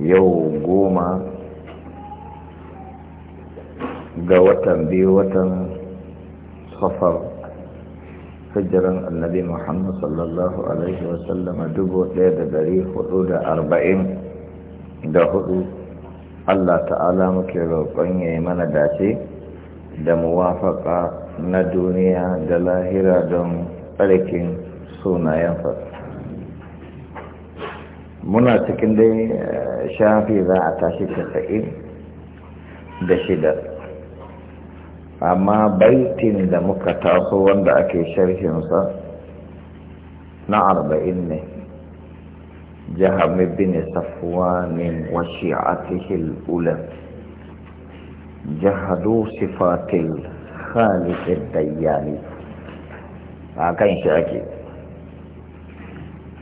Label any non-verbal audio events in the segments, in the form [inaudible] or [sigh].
yau goma ga watan biyu watan safar hijiran annabi muhammad sallallahu alaihi wasallama dubu daya da dari hudu da arba'in da hudu allah ta'ala muke roƙon ya yi mana dace da muwafaka na duniya da lahira don tsarkin sunayen fasa muna cikin dai eh, shafi za a tashi tasa'in da shida amma baitin da muka taso wanda ake sharhinsa na arba'in ne jihar bin safwanin washi a tihil ulan jihadu sifatil khalikin dayyani a kan shi ake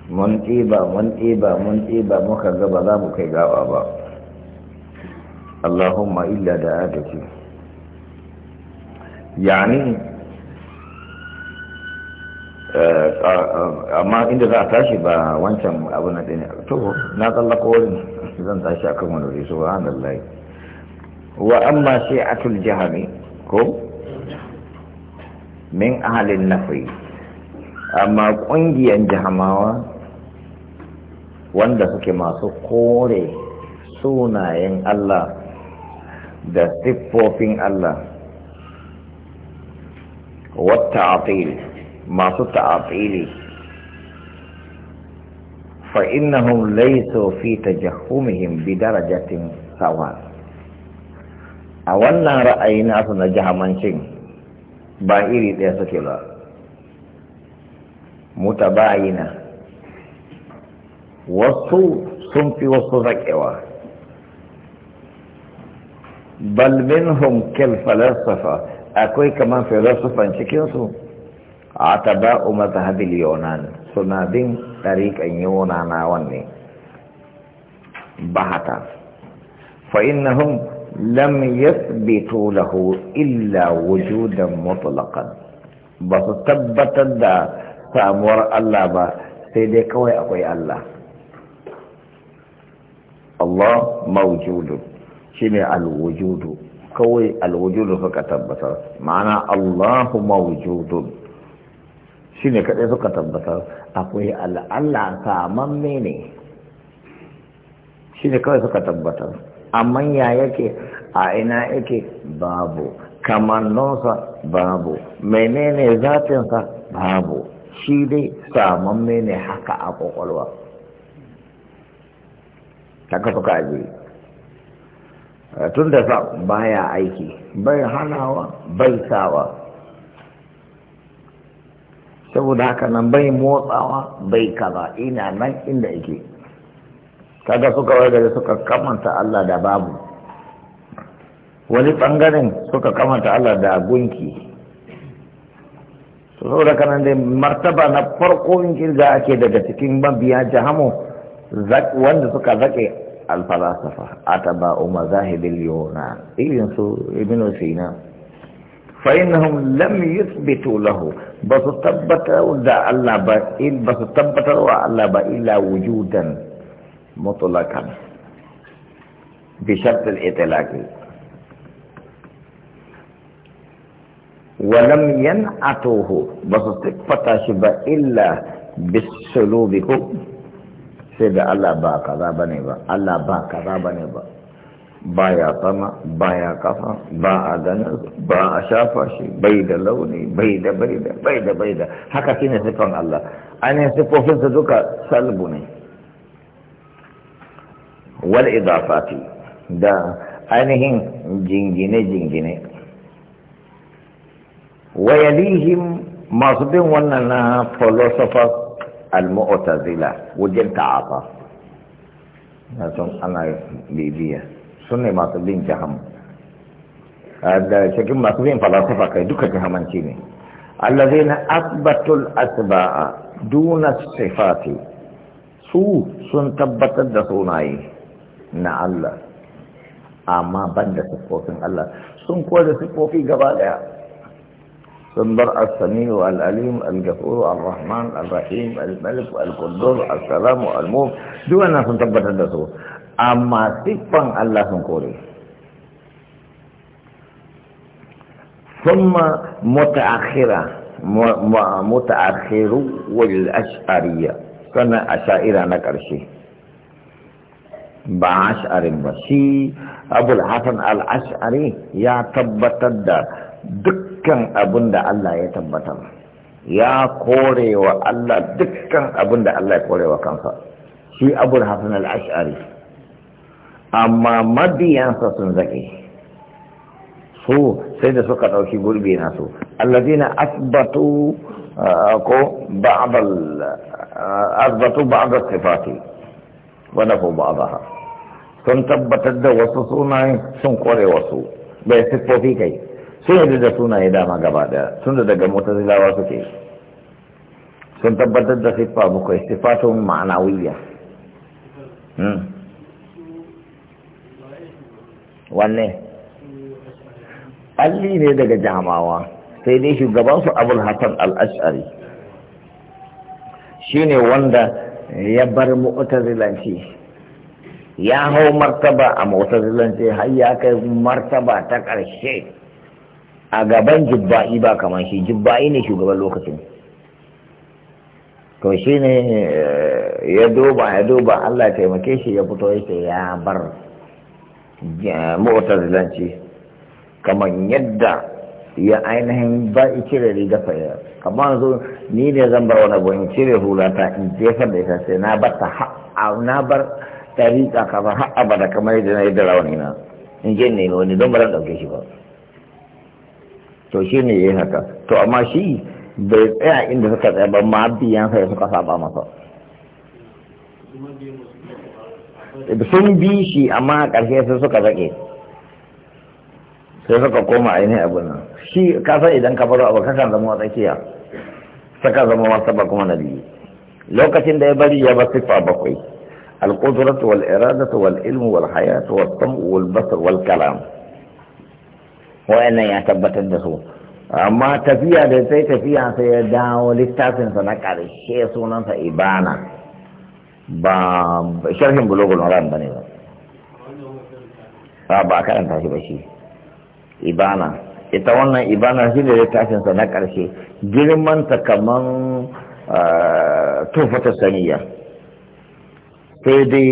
mun ɗiba mun ɗiba mun ɗiba muka ga ba za mu kai gawa ba Allahumma illa da adaki yani eh, amma inda za a tashi ba wancan abu na ɗaya to na tsallako wurin zan tashi a kan wani riso wa hannun wa amma sai atul jihami ko min ahalin nafi amma ƙungiyar jihamawa wanda suke masu kore sunayen Allah da siffofin Allah wata masu afili fa innahum laysu fi tajahhumihim bi darajatin sawa a wannan ra'ayi nasu na jahamancin ba iri ɗaya suke ba mutabayina وصو سنفي وصو ذكوا بل منهم كالفلاسفة أكوي كمان فلاسفة انشكين سو عتباء مذهب اليونان سنابين طريق اليونان واني بحتا فإنهم لم يثبتوا له إلا وجودا مطلقا بس ثبت دا سامور الله با سيدي كوي أقوي الله Allah shi shine alwujudu kawai alwujudu suka tabbatar ma'ana Allahu mawjudun shine kadai suka tabbatar akwai al'alla saman ne shine kawai suka tabbatar amma ya yake a ina yake babu kamannonsa babu menene zatinsa babu shi dai saman ne haka a kwakwalwa haka ka aje tun da baya aiki bai hanawa bai sawa saboda haka nan bai motsawa bai kaza ina nan inda yake kaga suka wargare suka kamanta Allah da babu wani bangaren suka kamanta Allah da gunki saboda kanan dai martaba na farko in kirga ake daga cikin mabiya jahamu wanda suka zaƙe alfalasafa a umar zahidin yona irin su ibn sina fa innahum lam yuthbitu lahu ba su tabbatar ba su tabbatar wa Allah ba illa wujudan mutulakan bi shart al-itlaq wa lam yan'atuhu ba su tabbata shi ba illa bis sulubikum sai da Allah ba kaza bane ba Allah ba kaza bane ba baya sama ya kafa ba a ganin ba a shafa shi bai da launi bai da bai da bai da bai da haka shine sifan Allah ainihin sifofinsa duka salbu ne wal idafati da ainihin jingine-jingine wayalihim masu bin wannan na philosophers al-mu'tazila wajen ta'afa na son ana bibiya sun ne masu bin jaham da cikin masu bin falasafa kai duka jahamanci ne allazina asbatul asba'a duna sifati su sun tabbatar da sunaye na Allah amma ban da sifofin Allah sun kuwa da siffofi gaba daya صدر السميع الأليم الغفور الرحمن الرحيم الملك القدر السلام المؤمن دو أنا سنتبت الدسو أما تبان الله سنقولي ثم متأخرة متأخر والأشعرية كان أشائرة أنا كرشي بعشر ba أبو الحسن الأشعري يا ashari دك dukkan abin da Allah ya tabbatar ya korewa Allah dukkan abin da Allah ya korewa kansa shi abu hasan al-ash'ari amma mabiyansa sun zake su sai da suka ɗauki gurbi na su allazina asbatu uh, ko ba'd uh, asbatu ba'd sifati wa nafu ba'daha sun tabbatar da wasu sunayen sun kore wasu bai siffofi kai sai yanzu da sunaye dama gaba daya sun da daga mutazilawa suke sun tabbatar da siffa bakwai siffatun ma'anawiyya hmm. wanne alli ne daga jamawa sai dai su abul hassan al'ashari shi ne wanda ya bar mu'tazilanci ya hau martaba a mu'tazilanci har ya kai martaba ta ƙarshe a gaban jibba'i ba kamar shi jibba'i ne shugaban lokacin to shi ne eh, ya duba ya duba Allah taimake shi ya fito yake ya bar zilanci kamar yadda ya ainihin ba in cire riga fayar kamar yanzu ni ne zan bar wani abu in cire hulata in jefar da ita sai na bar ta na bar tariƙa kamar har abada kamar yadda na yi da rawani na in je ne wani don ba zan ɗauke shi ba to shi ne ya haka to amma shi bai tsaya inda suka tsaya ba ma sai suka saba masa sun bi shi amma a ƙarshe sai suka zaƙe sai suka koma aini abu nan shi kasan idan ka faru abu kakan zama tsakiya saka zama wasu ba kuma na biyu lokacin da ya bari ya ba sifa bakwai al-qudratu wal iradatu wal ilmu wal hayatu wal basar wal kalam wayannan ya tabbatar da su amma tafiya da sai tafiya sai ya dawo littafinsa na ƙarshe sunansa ibana ba sharhin bulogul maram ba ne ba ba a karanta shi ba shi ibana ita wannan ibana shi ne littafinsa na ƙarshe girmanta kaman eh, tufata saniya sai dai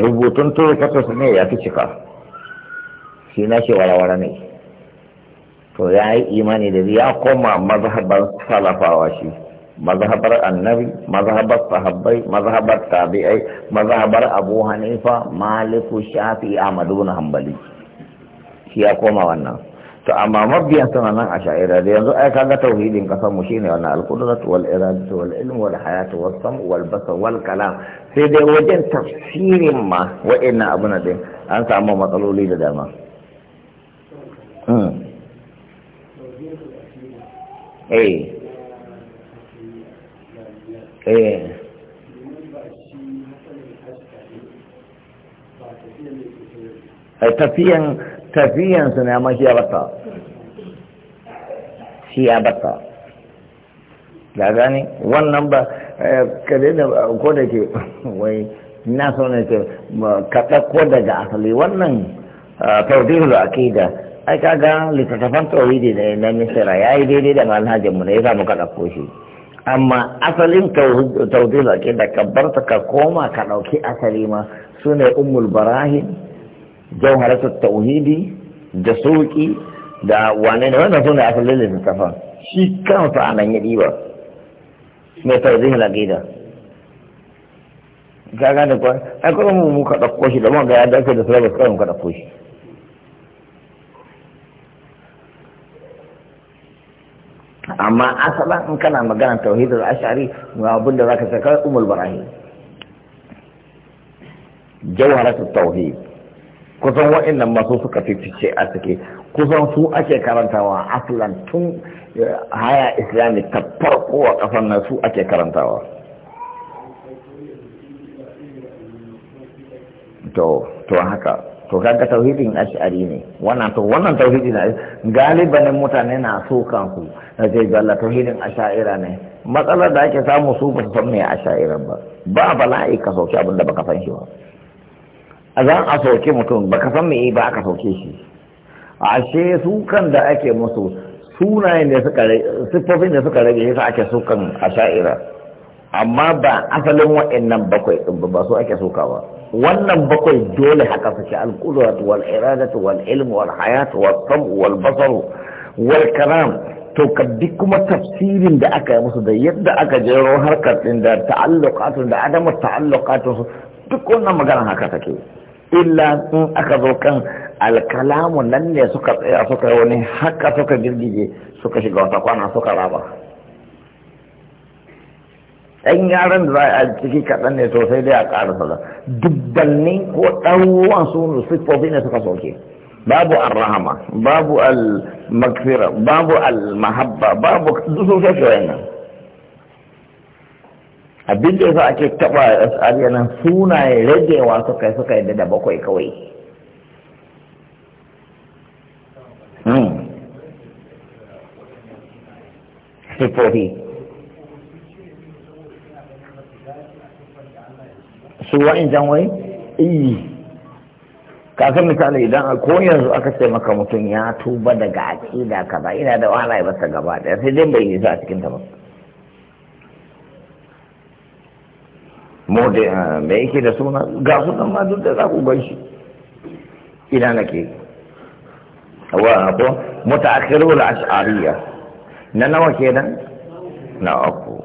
rubutun tufata saniya ya fi cika shi na shi wara-wara ne to ya yi imani da ya koma mazhabar salafawa shi mazhabar annabi mazhabar sahabbai mazhabar tabi'ai mazhabar abu hanifa maliku shafi amadu na hambali, shi ya koma wannan to amma mabiyan suna nan a sha'ira da yanzu ai kaga tauhidin kasar mu shine wannan al wal iradatu wal ilm wal hayatu was sam wal basar wal kalam sai dai wajen tafsirin ma wa'annan abuna din an samu matsaloli da dama Ee, eh, eh. tafiyan tafiyan su ne amma shi ya bata shi ya bata da gani wannan ba eh, ka da ko da ke [laughs] wai na so ne ce ka ɗauko daga asali wannan eh, tawdihul aqida ai kaga littattafan tauhidi da na misira ya yi daidai da manhajinmu ne ya yasa muka ɗauko shi amma asalin tauhidi da ke da ta ka koma ka ɗauki asali ma su ne ummul barahin jauharatu tauhidi da sauki da wane ne wannan su ne asalin littattafan shi kansa a nan ya ɗiba mai tauhidi da gida ka da kwan ai kuma mu ka ɗauko shi da mun ga ya dace da sulabas kawai muka ɗauko shi amma asalan in kana magana tauhidul ashari abin da zaka saka umul barahi jawharatul tauhid kusan wa'annan masu suka fifice a take kusan su ake karantawa asalan tun eh, haya islami ta farko a kafan nan su ake karantawa to to haka to kaga tauhidin ash'ari ne wannan to wannan tauhidi na ne mutane na so ku na ce ga Allah tauhidin ash'ira ne matsalar da ake samu su ba su san me ash'ira ba ba bala'i ka sauke abin da baka san shi ba a zan a sauke mutum baka san me ba aka sauke shi ashe su kan da ake musu sunayen da suka rage siffofin da suka rage yasa ake sukan ash'ira amma ba asalin wa'annan bakwai din ba su ake sokawa ba wannan bakwai dole haka fice al-qudrat wal iradatu wal ilm wal hayat wal sam wal basar wal kalam to kaddi kuma tafsirin da aka yi musu da yadda aka jero harkar din da ta'alluqatun da adama ta'alluqatun duk wannan magana haka take illa in aka zo kan alkalamu nan ne suka tsaya suka wani haka suka girgije suka shiga wata kwana suka raba ɗan yaran da za a ciki kaɗan ne sosai dai a ƙara sada dubbanni ko ɗaruwan su siffofi ne suka soke babu al-rahama babu al makfira babu al-mahabba babu sun soke wayannan abin da yasa ake taɓa tsariya nan sunaye ragewa suka suka yadda da bakwai kawai hmm. siffofi su wa'incan wai iyi kafin misali idan ko yanzu aka ce maka mutum ya tuba daga aƙida kaza ina da wahala ya basa gaba ɗaya sai dai bai nisa a cikin ta ba mu da eh, me yake da suna ga su ma duk da za ku gan shi ina ke wa ko mutaakhirul ashariya na nawa kenan na uku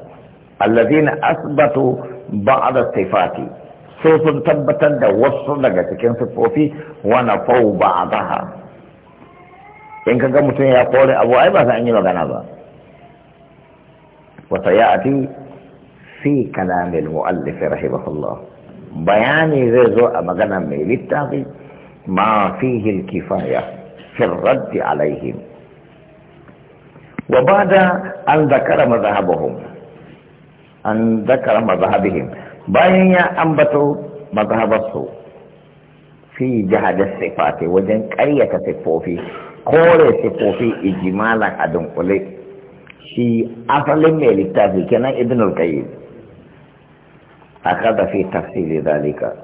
allazina asbatu ba'da sifati sai sun tabbatar da wasu daga cikin siffofi wana fau ba a zaha in ka ga mutum ya kore abu ai ba sa an yi magana ba wata ya ati fi kalamin mu'allifi rahimahullah bayani zai zo a magana mai littafi ma fihi kifaya fi raddi alaihim wa bada an zakara mazhabahum an zakara mazhabihim bayan ya ambato mazhabarsu fi jihadar sifati wajen ƙaryata siffofi kore Sifofi ijimalan a dunkule shi asalin mai littafi kenan ibn al-qayyim kada fi tafsiri zalika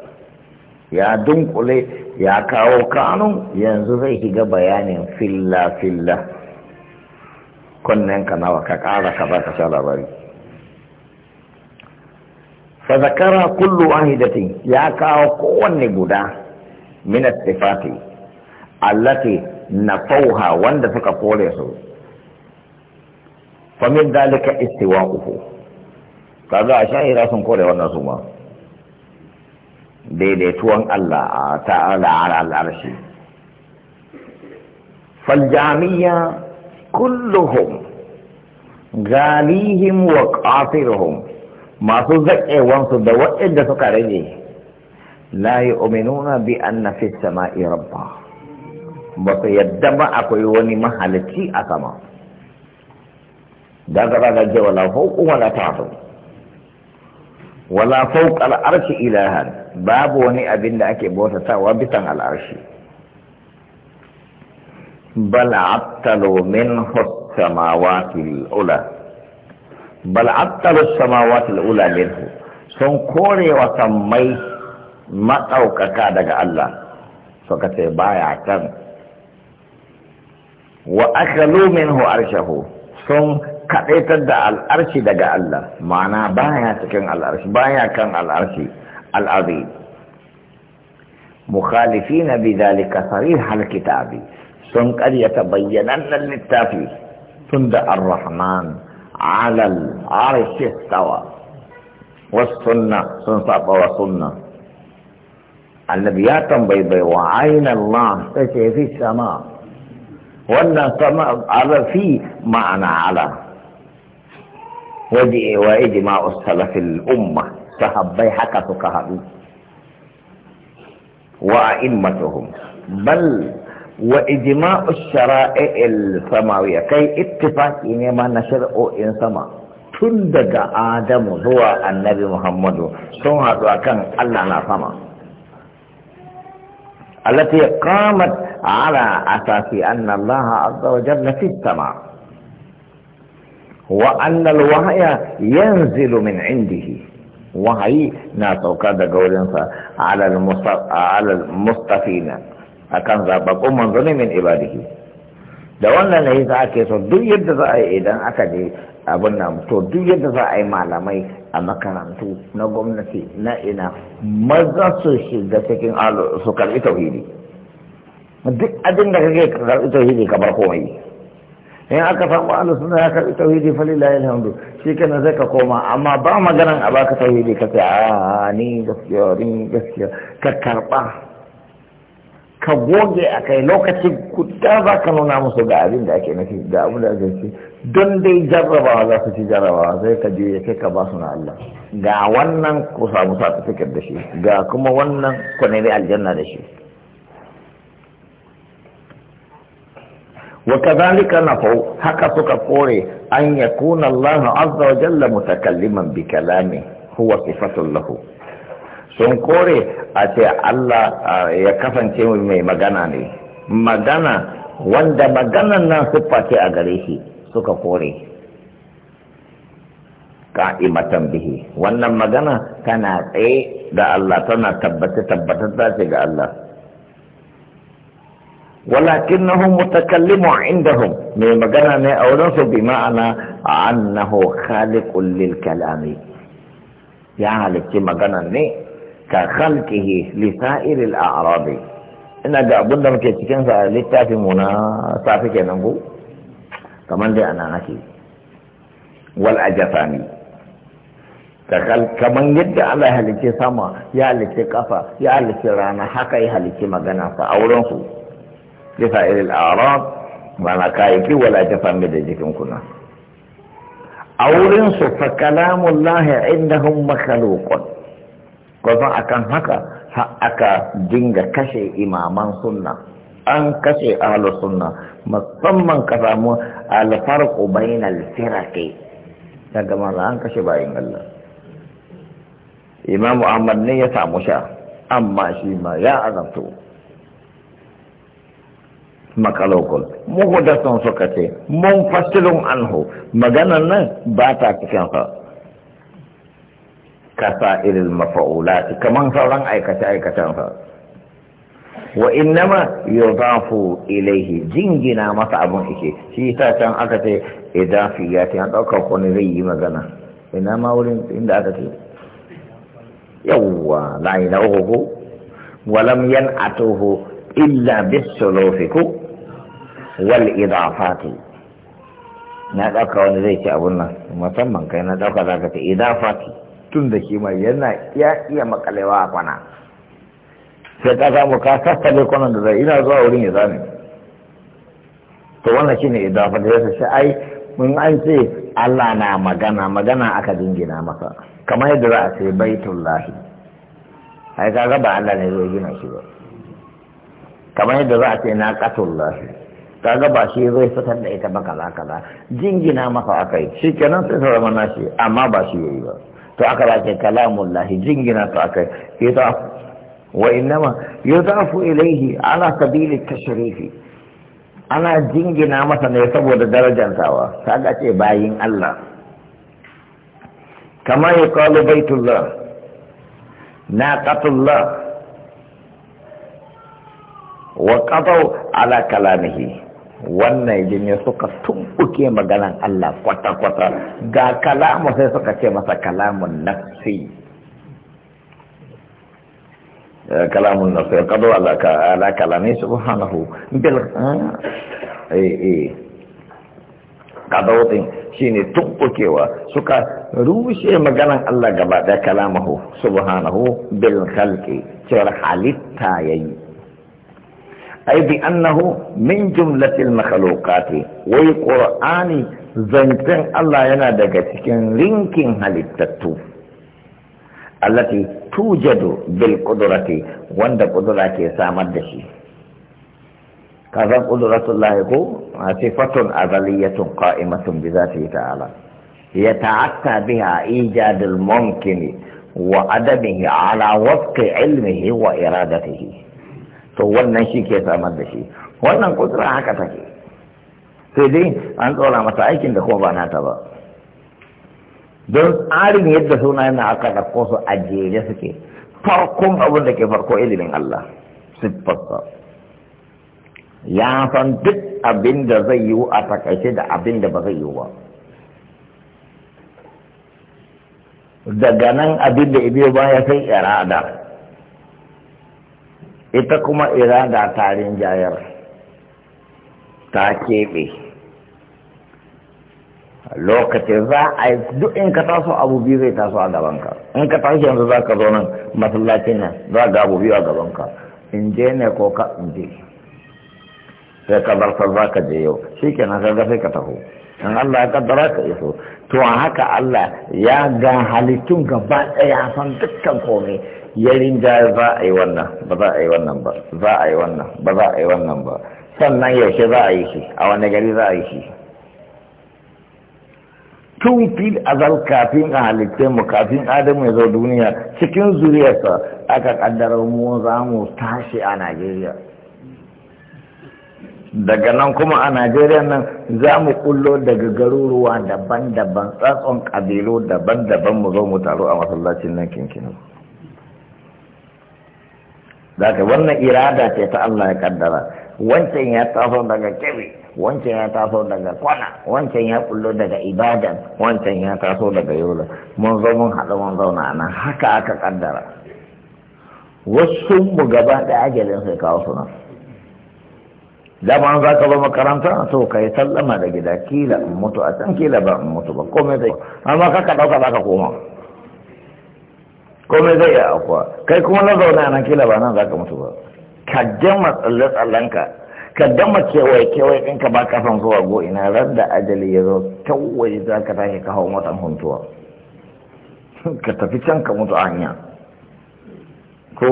ya dunkule ya kawo kanun yanzu zai shiga bayanin filla filla kunnen ka nawa ka ƙara ka ba ka sha labari fa zakara kullu wahidatin ya kawo kowanne guda min sifati allati fauha wanda suka kore su fa min dalika uku. kaga a sha'ira sun kore wannan su ma daidaituwan Allah ta'ala ala al'arshi فالجامية كلهم wa وقاصرهم masu zaƙewansu da waɗanda suka rage la yi uminuna bi an na fi sama'i rabba ba su yadda ba akwai wani mahalicci a sama da gaba da jawa la fauku wala tafu wala fauka al'arshi ilahan babu wani abin da ake bautatawa bisan al'arshi bal abtalo min hus samawati بل عطل السماوات الأولى منه سن كوني وسمي ما قوك كادك الله فكت بايع كم وأكلوا منه أرشه سن كأيت دع الأرش دك الله معنى بايع كم الأرش بايع كم الأرش العظيم مخالفين بذلك صريح الكتاب سن قد يتبينن للتافي سند الرحمن على العرش استوى والسنة سنة وسنة النبي يا تنبي بي وعين الله تشي في السماء وانا سماء على في معنى على واجماع السلف الامه سحب بي suka وأئمتهم بل واجماع الشرائع السماويه كي اتفاق انما نشرع ان سما tun آدم هو النبي محمد muhammadu sun كان الله allah التي قامت على أساس أن الله عز وجل في السماء وأن الوحي ينزل من عنده وهي ناتوكا قولنا على المستفينة akan zababbun manzo ne min ibadihi da wannan ne za a ke so duk yadda za a yi idan aka je abin nan to duk yadda za a yi malamai a makarantu na gwamnati na ina maza su shiga cikin su karbi tauhidi duk abin da kake karbi tauhidi ka bar komai in aka samu ahlu sunna ya karbi tauhidi fa lillahi alhamdu shi kana zai ka koma amma ba maganan a baka tauhidi ka ce a ni gaskiya ni gaskiya ka karba ka goge a kai lokacin kuta za ka nuna musu ga abin da ake nufi ga abin da ake ci don dai jarrabawa za su ci jarrabawa sai ka je ya ka ba su na Allah ga wannan ku samu satifiket da shi ga kuma wannan ku nemi aljanna da shi وكذلك نفوا هكا تكفوري أن يكون الله عز وجل متكلما بكلامه هو صفة له sun kore a ce Allah ya kasance mai magana ne magana wanda maganan nan siffa ce a gare shi suka kore ka'imatan bihi wannan magana tana tsaye da Allah tana tabbata tabbatar ta ce ga Allah walakinnahum mutakallimu indahum mai magana ne a wurin su bi ma'ana a annahu khaliqul lil kalami ya halicci magana ne ka khalqihi li sa'iril a'rabi ina ga abin da muke cikin sa littafin mu na safi kenan ko kamar dai ana haki wal ajafani kamar yadda Allah halice sama ya halice kafa ya halice rana haka ya halice magana fa auren su li sa'iril a'rab wala kayaki wal ajafani da jikin kuna auren su fa kalamullahi indahum makhluqun a kan haka aka dinga kashe imaman sunna an kashe ahalar sunna musamman ka samu ƙubayin bainal firaqi daga maza an kashe bayan Allah imamu ahmad ne ya samu sha amma shi ma ya azabto makalokul muhudasun suka ce mun fasilun anhu maganan nan ba ta cikin sa kasa irin mafa'ulati kaman sauran aikace sa. wa innama yudafu ilaihi jingina masa abun ike shi ta can aka ce idafi ya ta ko ne zai yi magana ina ma wurin inda aka ce yawwa la na uku wa walam yan illa bisulufiku wal idafati na ɗauka wani zai ce abun nan musamman kai na ɗauka za ce idafati tun da shi yana iya iya makalewa a kwana sai ka samu ka sassale kwanan da zai ina zuwa wurin ya zame to wannan ne idan da yasa shi ai mun an ce Allah na magana magana aka jingina masa kamar yadda za a ce baitullahi ai ka gaba Allah ne zai gina shi ba kamar yadda za a ce na qatullahi kaga gaba shi zai fitar da ita ba kaza kaza jingina masa akai kenan sai zama nashi amma ba shi yayi ba to aka ba ke kalamun lahi jingina to aka yi wa innama yudafu ilaihi ala sabili tashrifi ana jingina masa ne saboda darajantawa ta ce bayin Allah kama ya kalu baitullah naqatullah wa qadaw ala kalamihi wannan jinya suka tumbuke maganan Allah kwata-kwata ga kalamu sai suka ce masa kalamun nafsi eh, kalamun nafsi kado ala kalami subhanahu bil ee eh shi eh, eh. ne shine tumbukewa suka rushe maganan Allah gaba da kalamahu subhanahu bil khalqi cewar halitta yayi أي بأنه من جملة المخلوقات والقرآن زنتن الله ينادى تكن لينكين هل التتو التي توجد بالقدرة وند قدرة سامد شيء كذا قدرة الله هو صفة أزلية قائمة بذاته تعالى يتعتى بها إيجاد الممكن وعدمه على وفق علمه وإرادته to wannan shi ke samar da shi wannan kudura haka take sai dai an tsora masa aikin da kuma ba nata ba don tsarin yadda suna yana aka ɗauko su a jere suke farkon abin da ke farko ilimin Allah siffarsa ya san duk abin da zai yiwu a takaice da abin da ba zai yiwu ba daga nan abin da ba ya sai irada ita kuma irada tarin jayar ta keɓe lokacin za a yi duk in ka taso abu biyu zai taso a gabanka in ka taso yanzu za ka zo nan masallaci nan za ga abu biyu a gabanka in je ne ko ka in je sai ka zartar za ka je yau shi kenan ka sai ka taho in Allah ya kaddara ka iso to haka Allah ya ga halittun gaba ɗaya san dukkan komai yarin da za a yi wannan ba za a yi wannan ba za a yi wannan ba za a yi wannan ba sannan yaushe za a yi shi a wani gari za a yi shi tun fil azal kafin a halittar mu kafin adamu ya zo duniya cikin zuriyarsa aka kaddara mu za mu tashi a najeriya daga nan kuma a najeriya nan za mu kullo daga garuruwa daban-daban tsatson ƙabilu daban-daban mu zo mu taru a masallacin nan kinkinu zaka wannan irada ce ta Allah ya kaddara wancan ya taso daga kebe wancan ya taso daga kwana wancan ya kullo daga ibadan wancan ya taso daga yola mun zo mun haɗu mun zauna nan haka aka kaddara wasu mu gaba da ajalin sai kawo suna nan za ka zo makaranta to ka yi sallama da gida kila mutu a can kila ba mutu ba komai zai amma kaka ɗauka za ka koma komai zai iya afuwa? kai kuma na zauna nan kila ba nan za ka mutu ba ka jama tsalle tsallenka ka gama kewaye kewaye in ka ba kafan zuwa go ina ran da ajali ya zo kawai za ka tashi ka hau motan huntuwa ka tafi can ka mutu hanya ko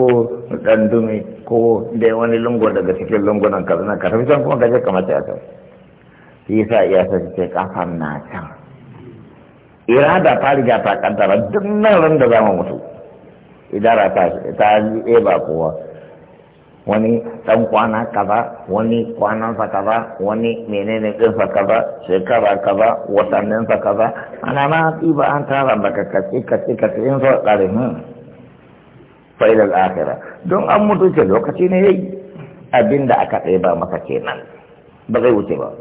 Dan dumi ko da wani lungo daga cikin lungunan nan, ka tafi can kuma ka je ka mace a can shi yasa iya sa ce kafan na can irada ta riga ta kaddara duk nan ran da za mu mutu idara ta ta eba kowa wani dan kwana kaza wani kwanansa kaza wani menene ɗinsa kaza shekara kaza watanninsa kaza ana na ɗiba an tara baka kace kace kace in so ƙare hmm fa'ilal akhirah don an mutu ce lokaci ne yayi abinda aka ɗeba masa kenan ba zai wuce ba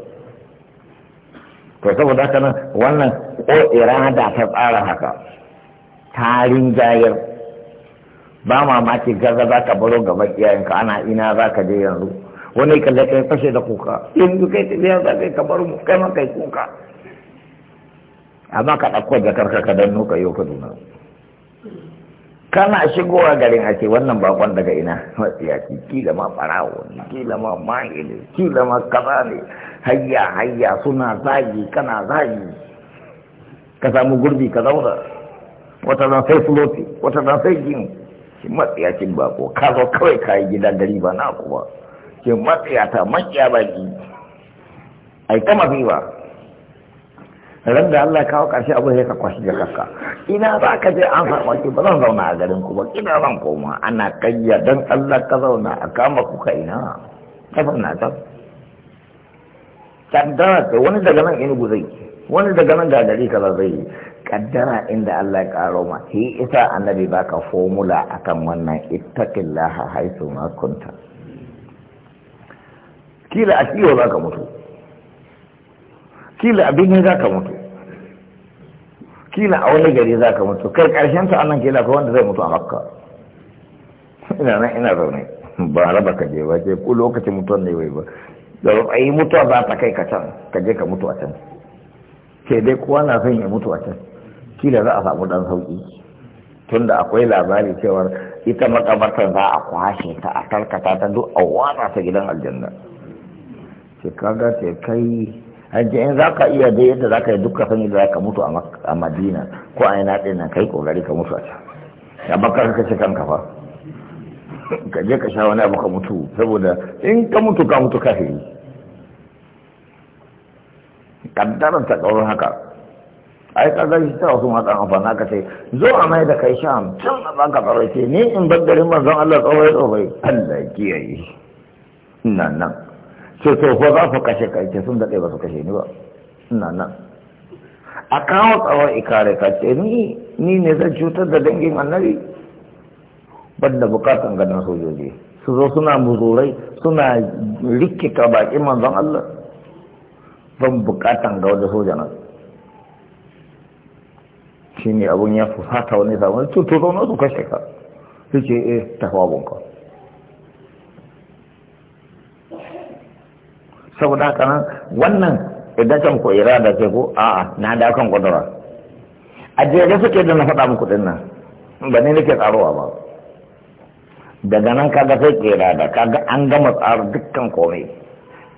to saboda haka nan wannan ko irada ta tsara haka tarin jayar ba mamaki gaza za ka baro gaba iyayenka ana ina za ka je yanzu wani kalle kai fashe da kuka yanzu kai ta biya za ka yi ka baro mu kai kai kuka amma ka ɗauko karka ka danno ka yau kaduna kana shigowa garin a ce wannan bakon daga ina matsiyaki kila ma farawo ne kila ma ne kila ma kaza ne hayya hayya suna zagi kana zagi ka samu gurbi ka zauna wata na sai fuloti wata na sai gini ce matsiyacin bako ka zo kawai ka yi gida gari ba na kuwa ce matsiyata ba ki? ai ta mafi ba ran da Allah kawo karshe abu sai ka kwashi jakarka ina za ka je an farma ki ba zan zauna a garin ku ba Ina zan koma ana kayya dan Allah ka zauna a kama ku ina ka zauna ta can da wani daga nan inugu zai wani daga nan ga gari kaza zai yi kaddara inda Allah ya karo ma shi isa annabi baka formula akan wannan ittaqillaha haitsu ma kunta kila a zaka mutu kila abin ne zaka mutu kila a wani gari zaka mutu kai karshen ta annan kila ko wanda zai mutu a makka ina nan ina zaune ba raba ka je ba ke ku lokacin mutuwan ne wai ba da ai mutuwa za ta kai ka can ka je ka mutu a can ke dai kowa na son ya mutu a can kila za a samu dan sauki tunda akwai labari cewa ita makabartar za a kwashe ta a tarkata ta duk a watsa ta gidan aljanna sai kaga kai hajji in za ka iya dai yadda za ka yi duka sani da za ka mutu a madina ko a yana ɗin nan kai kokari ka mutu a can ya baka ka ce kanka fa ka je ka sha wani abu ka mutu saboda in ka mutu ka mutu kafiri kaddaran ta ɗaurin haka ai ka shi ta wasu matsan amfana ka ce zo a mai da kai sha'am can a baka tsaro ce ni in bar garin manzon Allah tsawai tsawai Allah ya kiyaye ina nan ce to ko za su kashe kai ce sun daɗe ba su kashe ni ba ina nan a kawo tsawon ikare ka ce ni ni ne zan cutar da dangin annabi ban da bukatan ganin sojoji su zo suna muzurai suna rikika baƙin manzon Allah ban bukatan ga wajen soja nan shi ne abun ya fata wani samun to zaune su kashe ka su ce eh tafawa ka. saboda haka nan wannan idan can ko da ce ko a'a na da kan kudura a jere suke da na faɗa muku din ba ne nake tsarowa ba daga nan kaga sai ke da, kaga an gama tsara dukkan komai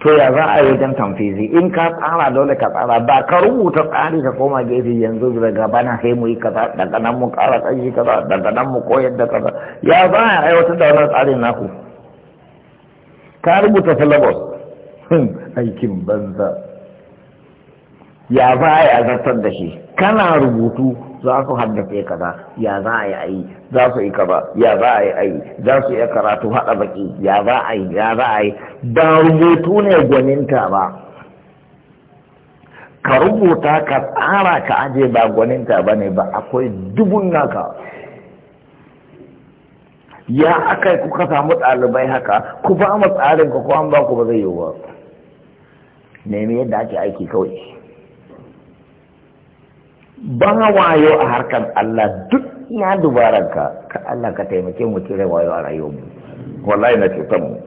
to ya za a yi wajen tamfizi in ka tsara dole ka tsara ba ka rubuta tsari ka koma gefe yanzu daga bana sai mu yi kaza daga nan mu kara tsayi kaza daga nan mu koyar da kaza ya za a aiwatar da wannan tsarin naku ka rubuta syllabus [laughs] aikin banza ya za a yi azartar da shi kana rubutu za su haddace kaza ya za a yi ayi za su yi kaza ya za a yi ayi za su yi karatu haɗa baki ya za a yi ya za a yi ba rubutu ne gwaninta ba ka rubuta ka tsara ka aje ba gwaninta ba ne ba akwai dubun naka ya aka yi kuka samu ɗalibai haka ku ba mu tsarin ku an ba ku ba zai yiwu ba nemi yadda ake aiki kawai ba wayo a harkar Allah duk na dubaran ka ka Allah ka taimake mu cire wayo a rayuwar mu wallahi na cutar mu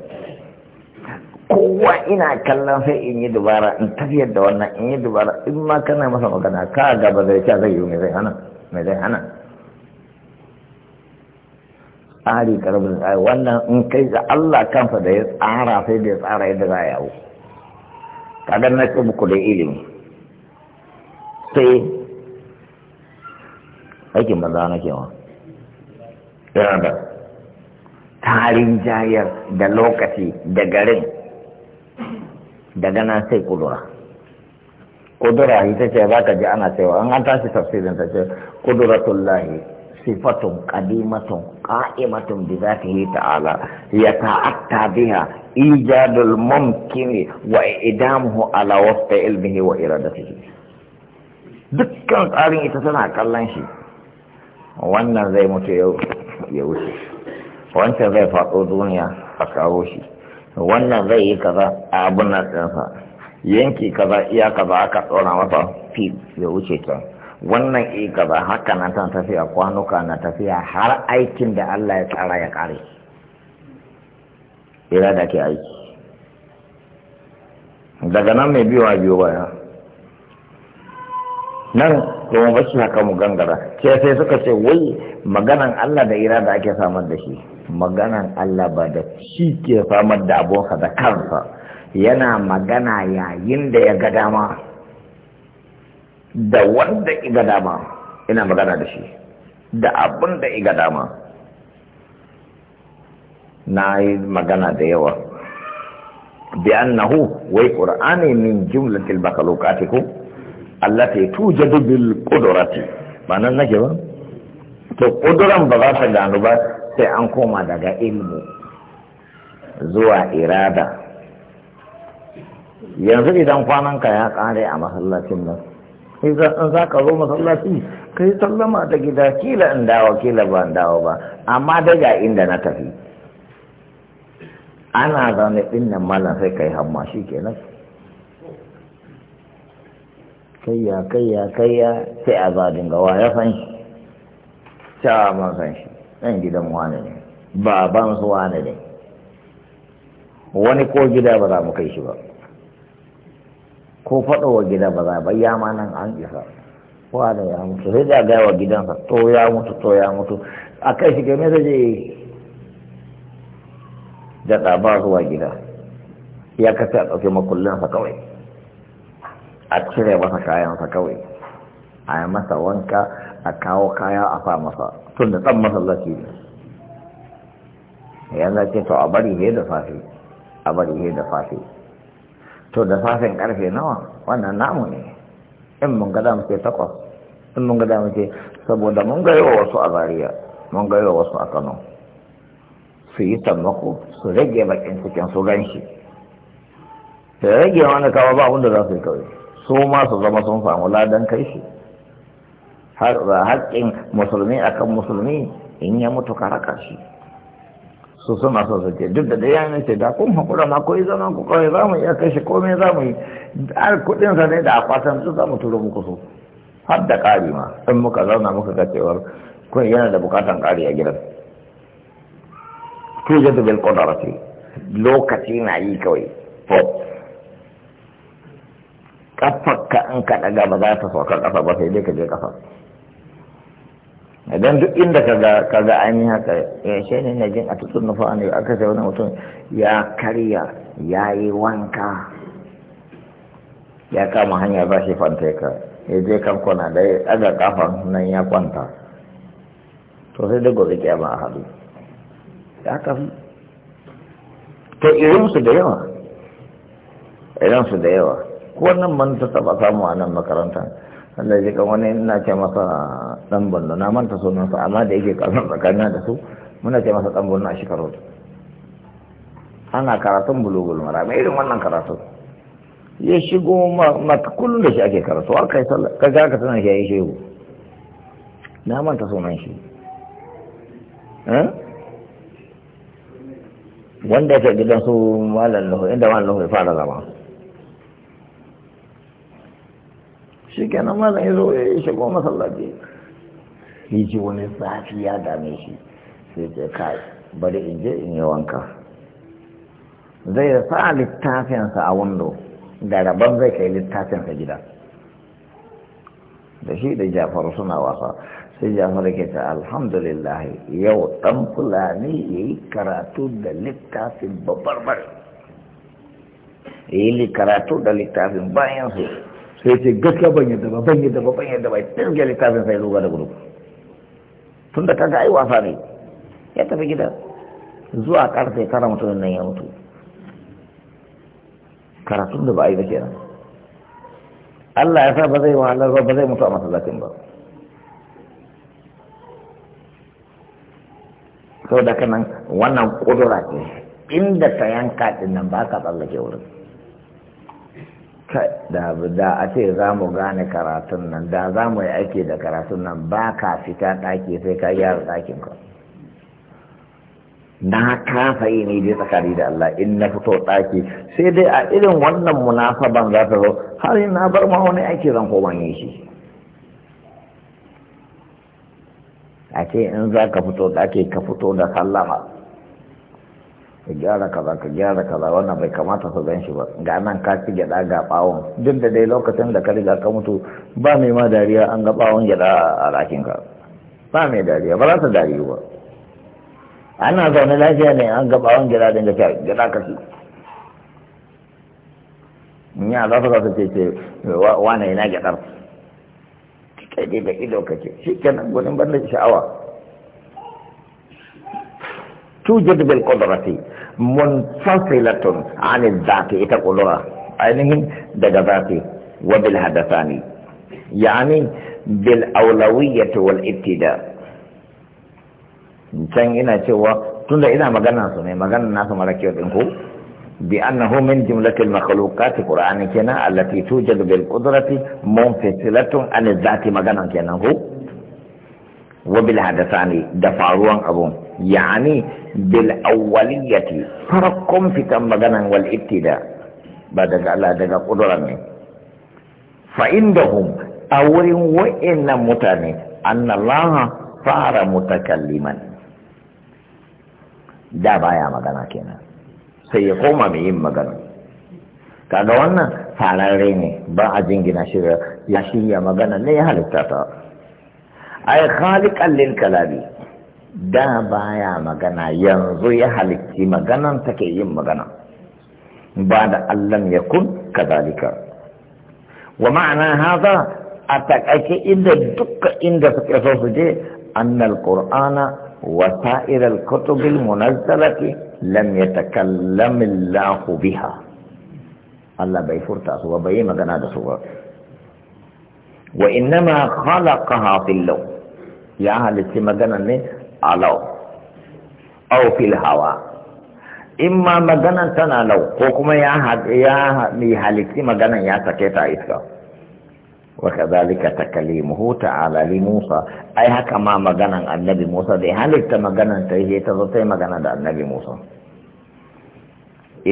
kowa ina kallon sai in yi dubara in tafiyar da wannan in yi dubara in ma kana masa magana ka gaba zai ce zai yi mai zai hana mai zai hana tsari karbin tsari wannan in kai ga Allah kansa da ya tsara sai da ya tsara yadda za a yawo kaga na ce muku da ilimi sai aikin maza na kewa yana da tarin jayar da lokaci da garin daga nan sai kudura kudura ita ce ba ka ji ana cewa an an tashi tafsirin ta ce Kudura tullahi, sifatun qadimatun qa'imatun bi yi ta'ala ta'atta biya ijadul mumkin wa idamuhu ala wasta ilmihi wa iradatihi dukkan tsarin ita tana kallon shi wannan zai mutu ya wuce wancan zai faɗo duniya a kawo shi wannan zai yi kaza a abin nan ɗinsa yanki kaza iya kaza aka tsora masa fi ya wuce ta wannan iya kaza haka na ta tafiya kwanuka na tafiya har aikin da Allah ya tsara ya ƙare ira da ke aiki daga nan mai biyuwa biyu baya nan to ba bashi haka gangara Ke sai suka ce wai maganan Allah da ira da ake samar da shi maganan Allah ba da shi ke samar da abunsa da kansa yana magana yayin da ya ga dama da wanda ga dama ina magana da shi da abun da ga dama na yi magana da yawa bi annahu wai qur'ani min jumlatil makhluqati ko allati tujadu bil qudrati ba nan nake ba to kuduran ba za ta gano ba sai an koma daga ilmu zuwa irada yanzu idan kwanan ka ya kare a masallacin nan in za ka zo masallaci ka yi sallama da gida kila in dawo kila ba in dawo ba amma daga inda na tafi ana zane ɗin nan sai ka yi hamma shi kenan kayya kayya kayya sai a za dinga wa ya san shi cewa ma san shi ɗan gidan wane ne baban su wane ne wani ko gida ba za mu kai shi ba ko faɗowa gida ba za ba ya ma nan an isa wane ya mutu sai da gaya wa gidansa to ya mutu to ya mutu a kai shi game da je da ɗaba zuwa gida ya kasa a ɗauke makullinsa kawai a cire masa kayansa kawai a yi masa wanka a kawo kaya a sa masa tun da ɗan masallaci ne yan ce to a bari he da safe a bari he da safe to da safen karfe nawa wannan namu ne in mun ga mu ce takwas in mun ga mu ce saboda mun ga yawa wasu a zariya mun ga yawa wasu a kano su yi sammako su rage bakin cikin su gan shi da rage wani kawo ba wanda za su yi kawai su ma su zama sun samu ladan kai shi haƙƙin musulmi akan musulmi in ya mutu ka haka shi su suna so su ce duk da dai yana ce da kun hakura ma ko zama ku kawai za mu iya kai shi me za mu yi har kuɗin sa ne da akwatan su za mu turo muku su har da ƙari ma in muka zauna muka ga cewar kun yana da bukatan ƙari a gidan da bil qadarati lokaci na yi kawai kafarka in ka daga ba za ta sauka kafa ba sai dai ka je kafa idan duk inda kaga kaga an yi haka ya eh, shi ne na jin a tutun nufa ne aka sai wani mutum ya karya ya yi wanka ya kama hanya za shi fanta ka ya je kan da ya daga kafan nan ya kwanta to sai da gobe kyama a hadu ya kafi to irinsu da yawa irinsu da yawa wannan man ta taba samu a nan makarantar Allah ya wani ina ce masa dan Borno na manta sa amma da yake kasan tsakanin da su muna ce masa dan Borno a shekaru ana karatun bulugul mai irin wannan karatun ya shigo maka kullum da shi ake karatu har kai sallah ka ga ka tana shi yi shehu na manta sunan shi eh? wanda ya gidan su malam lahu inda malam lahu ya fara zama shi kenan malam ya zo ya shigo masallaci yi ji wani zafi ya dame shi sai ce kai bari in je in yi wanka zai sa littafinsa a wando da rabon zai kai littafinsa gida da shi da jafaru suna wasa sai jafaru ke ta alhamdulillah yau dan fulani ya yi karatu da littafin babbar bari ya yi karatu da littafin bayan su sai ce gaskiya ban yadda ba ban yadda ba ban yadda ba ga littafin sai zuwa da gudu tun da kaga ai wasa ne ya tafi gida zuwa karfe kara mutumin nan ya mutu karatun da ba a yi ba kenan Allah ya sa ba zai wahalar ba ba zai mutu a masallacin ba sau da kanan wannan kudura ce inda ta yanka din nan ba ka tsallake wurin da a ce za mu gane karatun nan da za mu yi aiki da karatun nan ba ka fita ɗaki sai ka gyara ɗakin ka na kafa yi ne bai tsakari da Allah in na fito ɗaki sai dai a irin wannan munasaban za ta zo har yi na bar ma wani aiki zan koma yi shi a ce in za ka fito ɗaki ka fito da sallama ka gyara kaza ka gyara kaza wannan bai kamata su gan shi ba ga nan ka ci gyada ga bawon duk da dai lokacin da ka riga ka mutu ba mai ma dariya an ga bawon gyada a rakin ka ba mai dariya ba za ta dariya ba ana zaune lafiya ne an ga bawon gyada din da gyada ka ci ya za su za su ce ce wane ina gyadar kai dai da ido ka ce shi kenan gudun ban da sha'awa tujad bil qudrati munfasilatun anil zati ita kulura ainihin daga zafi. wa bil hadathani yani bil awlawiyyati wal ibtida can ina cewa tunda ina magana su ne magana na su mara kiyo ko bi annahu min jumlatil makhluqati qur'ani kenan allati tujadu bil qudrati munfasilatun anil zati magana kenan ko wabil hadasani da faruwan abun yani bil awwaliyati farkon fitan maganan wal ibtida ba daga Allah daga kudura ne fa indahum a wurin wa'annan mutane annallaha fara mutakalliman da baya magana kenan sai ya koma mai yin magana kaga wannan fararre ne ba a jingina shirya ya shirya magana ne ya halitta ta ai khaliqan lil kalami da baya magana yanzu ya halicci maganan take yin magana ba da ya kun kazalika wa ma'ana hadha a takaice inda dukkan inda suke so su je annal qur'ana وسائر الكتب المنزلة لم يتكلم الله بها الله بيفرت magana da su ba. وإنما خلقها في اللون يا أهل السمجنة ألو أو في الهواء إما مجانا تنا لو حكم يا هد يا ميهالك مجنة يا سكيت عيسى وكذلك تكليمه تعالى لموسى أي كما مجانا النبي موسى دي هالك مجنة تهي تضطي مجنة النبي موسى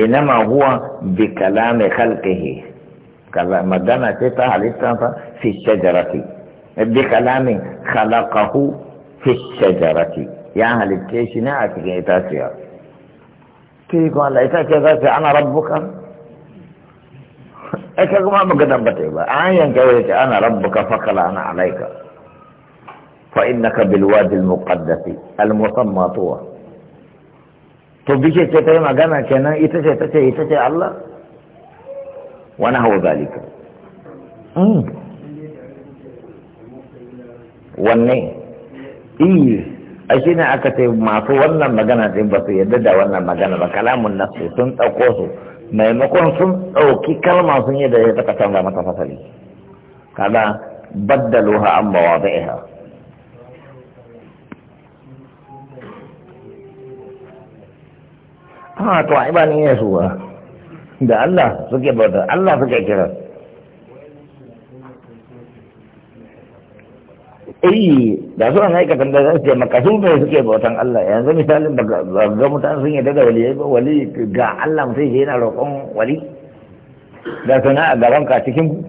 إنما هو بكلام خلقه قال ما دام تيتا عليه في الشجرة بكلام خلقه في الشجرة يا أهل الكيش نعتك إتاسيا تيجي قال إتاسيا إتاسيا أنا ربك أكيد ما مقدم بتيبا آية كويت أنا ربك فقل أنا عليك فإنك بالوادي المقدس المسمى طوى تو بيجي تيجي ما كنا إتاسيا إتاسيا إتاسيا الله wani hau zalika hmm. wanne iya a shi ne aka ce masu wannan magana ɗin ba su yadda da wannan magana ba kalamun nasu sun ɗauko su maimakon sun ɗauki kalma sun yi da ya taka canza mata fasali kada baddaluha an bawa ba'iha ha. Ah, to ai ba ni ne su ba da Allah suke bauta Allah suke kira eh da su an aikata da zai maka su ne suke bautan Allah yanzu misalin da ga mutane sun yadda da wali ba wali ga Allah mutum yana roƙon wali da sana a gaban ka cikin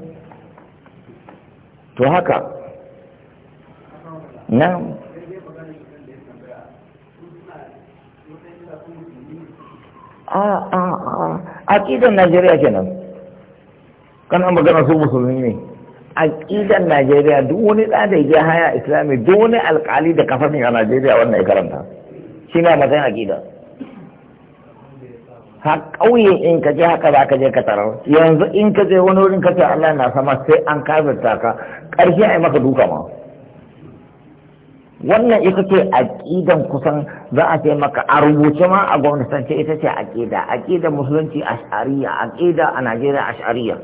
to haka na a ƙidan Najeriya kenan an magana su musulmi ne ƙidan Najeriya duk wani ɗan da ya haya islami duk wani alƙali da kafa a Najeriya wannan ya karanta shi na matsayin aƙida ha ƙauye in ka je haka za ka je ka tarar yanzu in ka je wani wurin ka ce Allah na sama sai an kafirta ka ƙarshe a yi maka duka ma wannan ita ce aƙidan kusan za a ce maka a rubuce ma a gwamnatance ita ce aƙida aƙidan musulunci a shari'a aƙida a najeriya a shari'a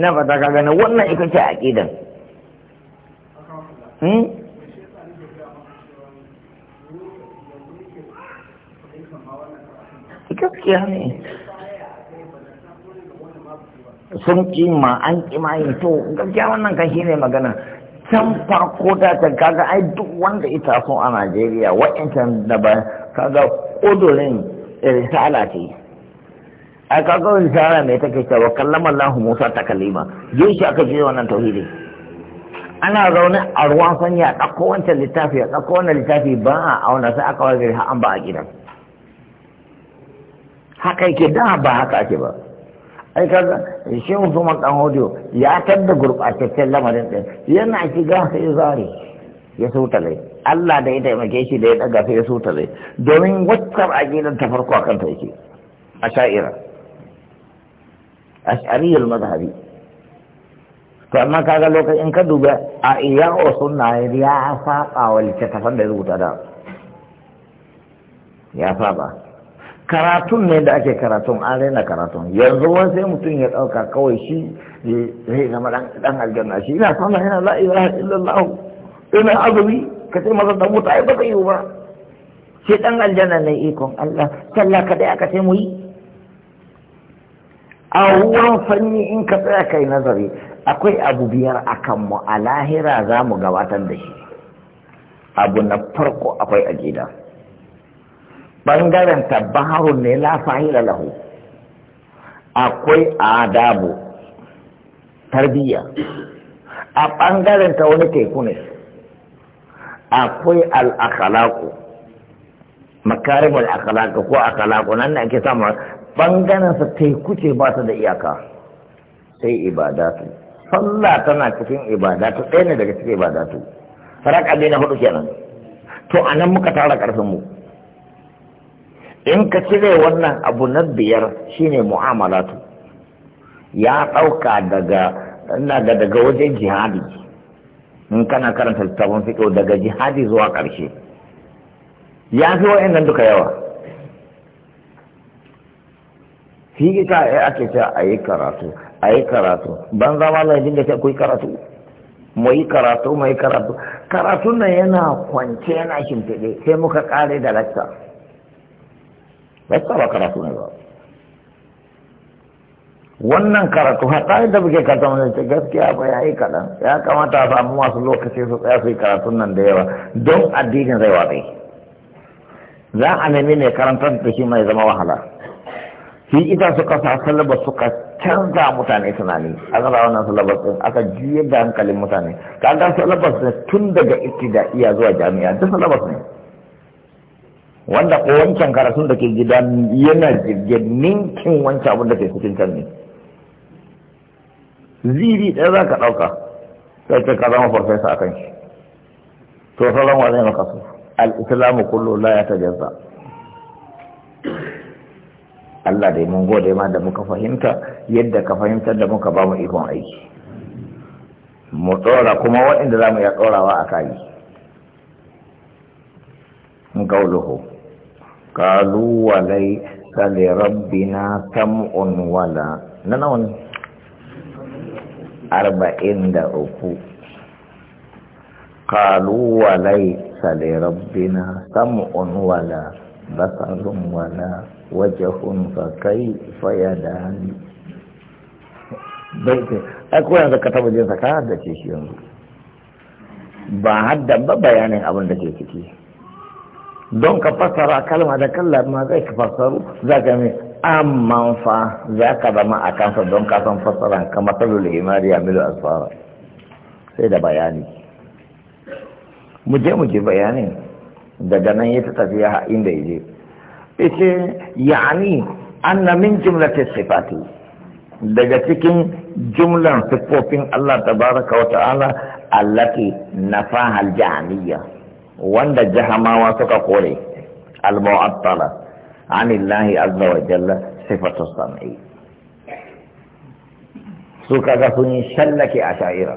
na fata ka gane wannan ita ce aƙidan hmm? gaskiya ne sun ƙi ma an ƙi ma yi to gaskiya wannan kan shi ne magana can farko da ta kaga ai duk wanda ita so a Najeriya wa'ancan da ba kaga kudurin risala ce a kaga risala mai take cewa kallama Allah Musa ta kalima jin shi aka je wannan tauhidi ana zaune a ruwan sanya ɗauko wancan littafi a ɗauko wannan littafi ba a auna sai aka wajen ha'an ba a gidan haka yake da ba haka ake ba ai kaga shi Usman dan Hodiyo ya tadda gurbataccen lamarin din yana shiga sai zare ya zai Allah da ya taimake shi da ya daga sai ya zai domin waccar aqidar ta farko akan ta yake a ash'ari al mazhabi to amma kaga lokacin in ka duba a iya o sunna ya saba wa littattafan da ya rubuta da ya saba karatun ne da ake karatun an raina karatun yanzu wani sai mutum ya ɗauka kawai shi zai zama ɗan aljanna shi ina sama yana la ilaha illallah ina azumi ka sai masa dan ai ba yi ba shi ɗan aljanna ne ikon Allah sallah ka dai aka sai mu yi a wurin fanni in ka tsaya kai nazari akwai abu biyar akan mu a lahira za mu gabatar da shi abu na farko akwai ajidar ɓangaren tabbaharun ne la fahila lahu akwai adabu tarbiyya a ɓangaren ta wani teku ne akwai al'akalaku wani akalaku ko akalaku nan ne ake samu ɓangaren sa teku ce ba su da iyaka sai ibadatu sallah tana cikin ibadatu ɗaya ne daga cikin ibadatu farak abin na hudu kenan to anan muka tara ƙarfin mu in ka cire wannan abu na biyar shine mu'amalatu ya ɗauka daga ina ga daga wajen jihadi in kana karanta littafin fiƙo daga jihadi zuwa ƙarshe ya fi nan duka yawa shi ita ake cewa a yi karatu a yi karatu ban zama zai dinga ce kuyi karatu mu yi karatu mu yi karatu karatun nan yana kwance yana shimfiɗe sai muka ƙare da lakta bai saba karatu ne ba wannan karatu haka da muke karta mana ce gaskiya ba ya yi kaɗan ya kamata a samu masu lokaci su tsaya su yi karatun nan da yawa don addinin zai watsi za a nemi ne karanta da shi mai zama wahala shi ita suka sa salabar suka canza mutane tunani a zara wannan salabar sun aka juyar da hankalin mutane kaga salabar ne tun daga iya zuwa jami'a duk salabar ne wanda ko wancan karatun da ke gida yana jirgin ninkin wancan abin da ke cikin can ne ziri ɗaya za ka ɗauka sai ce ka zama farfesa a kan shi to sauran wa zai maka su al'islamu kullu la ya tajazza Allah dai mun gode ma da muka fahimta yadda ka fahimtar da muka ba mu ikon aiki mu tsora kuma waɗanda za mu iya tsorawa a kayi قوله قالوا وليس لربنا سمع ولا ننون أربعين دعوكو قالوا وليس لربنا سمع ولا بصر ولا وجه فكيف يداني بيت أكو هذا كتاب جنسك هذا شيء ba haddan ba bayanin abin da ke ciki don ka fassara kalma da kallama ma zai ka fassaru za ka mai amman fa za ka zama a kansa don ka san fassara kamar salul imari a milu asfara sai da bayani mu je mu je bayanin daga nan ya ta tafiya inda da ije ita yani na min jumlatis sifati daga cikin jumlan sifofin Allah tabaraka wa ta'ala allati fahal janiyya wanda jahamawa suka kore al-mu'attala anillahi azza wa jalla sifatu sam'i su kaga sun shallake a sha'ira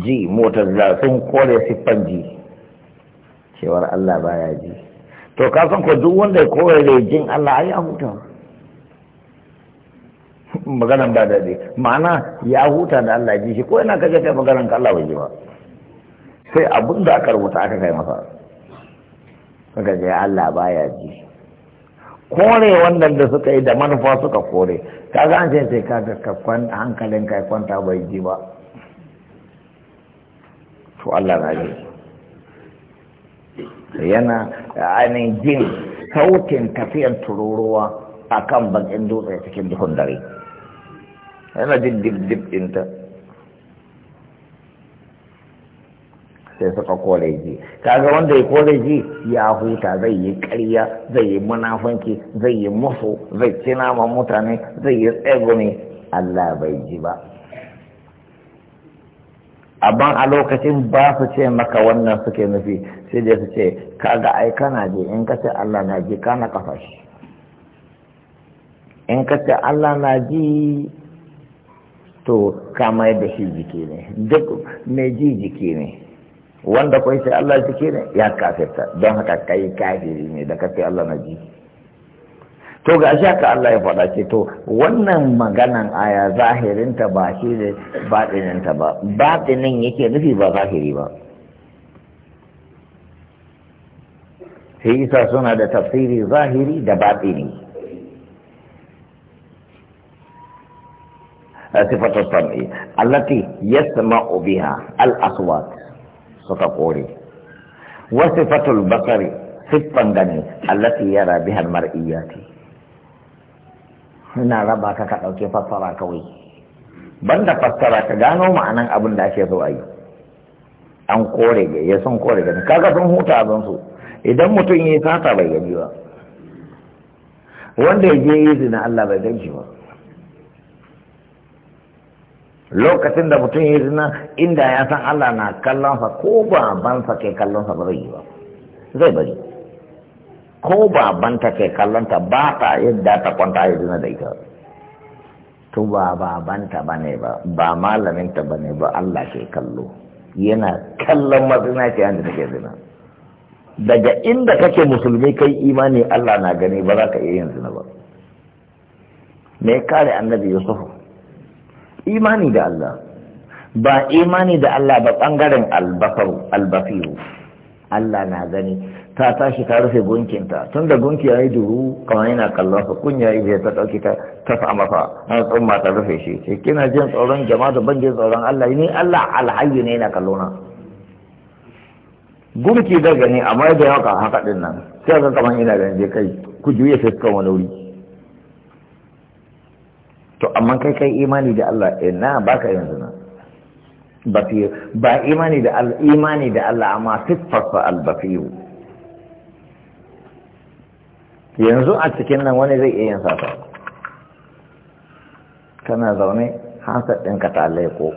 ji motar da sun kore siffan ji cewar Allah baya ji to ka san ko duk wanda ya kore da jin Allah ai ya huta maganan ba daɗi ma'ana ya huta da Allah ji shi ko ina kaje kai maganan ka Allah bai ji ba sai abin da aka rubuta aka kai masa suka ce Allah baya ji kore wannan da suka yi da manufa suka kore ga an ce sai ka hankalin kai kwanta bai ji ba to Allah na ji yana ainihin jin sautin tafiyar tururuwa a kan bakin dutse cikin duhun dare yana jin dip dip ɗinta sai suka kore kaga wanda ya kore ya huta zai yi karya zai yi munafanki zai yi musu zai ci naman mutane zai yi tsegune Allah bai ji ba amma a lokacin ba su ce maka wannan suke nufi sai da su ce kaga ai kana ji in ka ce Allah na ji kana kafa shi in ka ce Allah na ji to kama da shi jiki ne duk mai ji jiki ne wanda kun sai Allah cike ne ya kafirta don haka kai kafiri ne da kafin Allah na ji to ga shi haka Allah ya faɗa ce to wannan maganan aya zahirinta ba shi ne baɗininta ba baɗinin yake nufi ba zahiri ba sai isa suna da tafsiri zahiri da baɗini sifatar sam'i allati yasma'u biha al-aswat suka kore wasu fatul basari siffan gani allati yara bihar mar'iyyati ina raba ka ka ɗauke fassara kawai banda fassara ka gano ma'anan abin da ake so a yi an kore ga ya sun kore gani kaga sun huta abin su idan mutum ya sata bai gani ba wanda ya je yi zina Allah bai gan shi ba lokacin da mutum ya zina inda ya san Allah na kallonsa ko ba babansa ke kallonsa ba zai yi ba zai bari ko ba babanta ke kallonta ba ta yadda ta kwanta ya zina da ita to ba ban ta bane ba ba malaminta ta bane ba Allah ke kallo yana kallon mazina ce yanzu take zina daga inda kake musulmi kai imani Allah na gani ba za ka iya yin zina ba me kare annabi yusufu imani da Allah ba imani da Allah ba bangaren albafiru Allah na gani ta tashi ta rufe gunkinta tun da gunki ya yi duru kamar yana kallon sa kunya ya ta dauki ta ta sa fa, an tsumma ta rufe shi ce kina jin tsoron jama'a da ban jin tsoron Allah ni Allah alhayyu ne yana kallona gunki da gani amma da yawa haka din nan sai ga kamar yana gani je kai ku juye fuskan wani wuri to amma kai kai imani da Allah ina baka yanzu nan basir ba imani da Allah imani da Allah amma siffarsa al-basir yanzu a cikin nan wani zai iya yin sata kana zaune hasa ɗinka ta laiko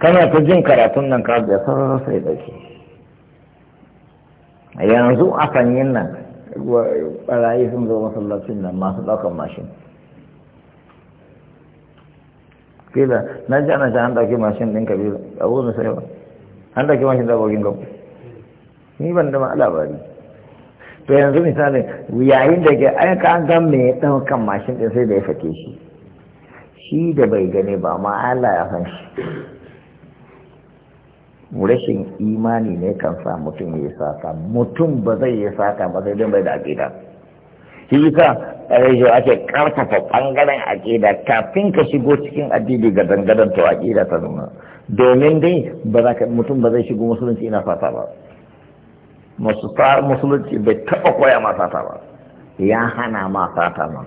kana ta jin karatun nan ka da sarara sai ɗauke yanzu a sanyin nan ɓarayi sun zo masallacin nan masu ɗaukar mashin kila na ji ana an ɗauki mashin ɗin kabila abu na sai ba an ɗauki mashin da abokin gabu ni ban da ma labari to yanzu misali yayin da ke aika an gan me ɗaukan mashin ɗin sai da ya fake shi shi da bai gane ba ma Allah ya san shi rashin imani ne kan sa mutum ya saka mutum ba zai yi saka ba sai dan bai da aƙida shi yasa rajo ake karfafa bangaren aƙida kafin ka shigo cikin addini ga dangadan to aƙida ta zama domin dai ba za ka mutum ba zai shigo musulunci ina fata ba musulunci bai taɓa koya ma fata ba ya hana ma fata ma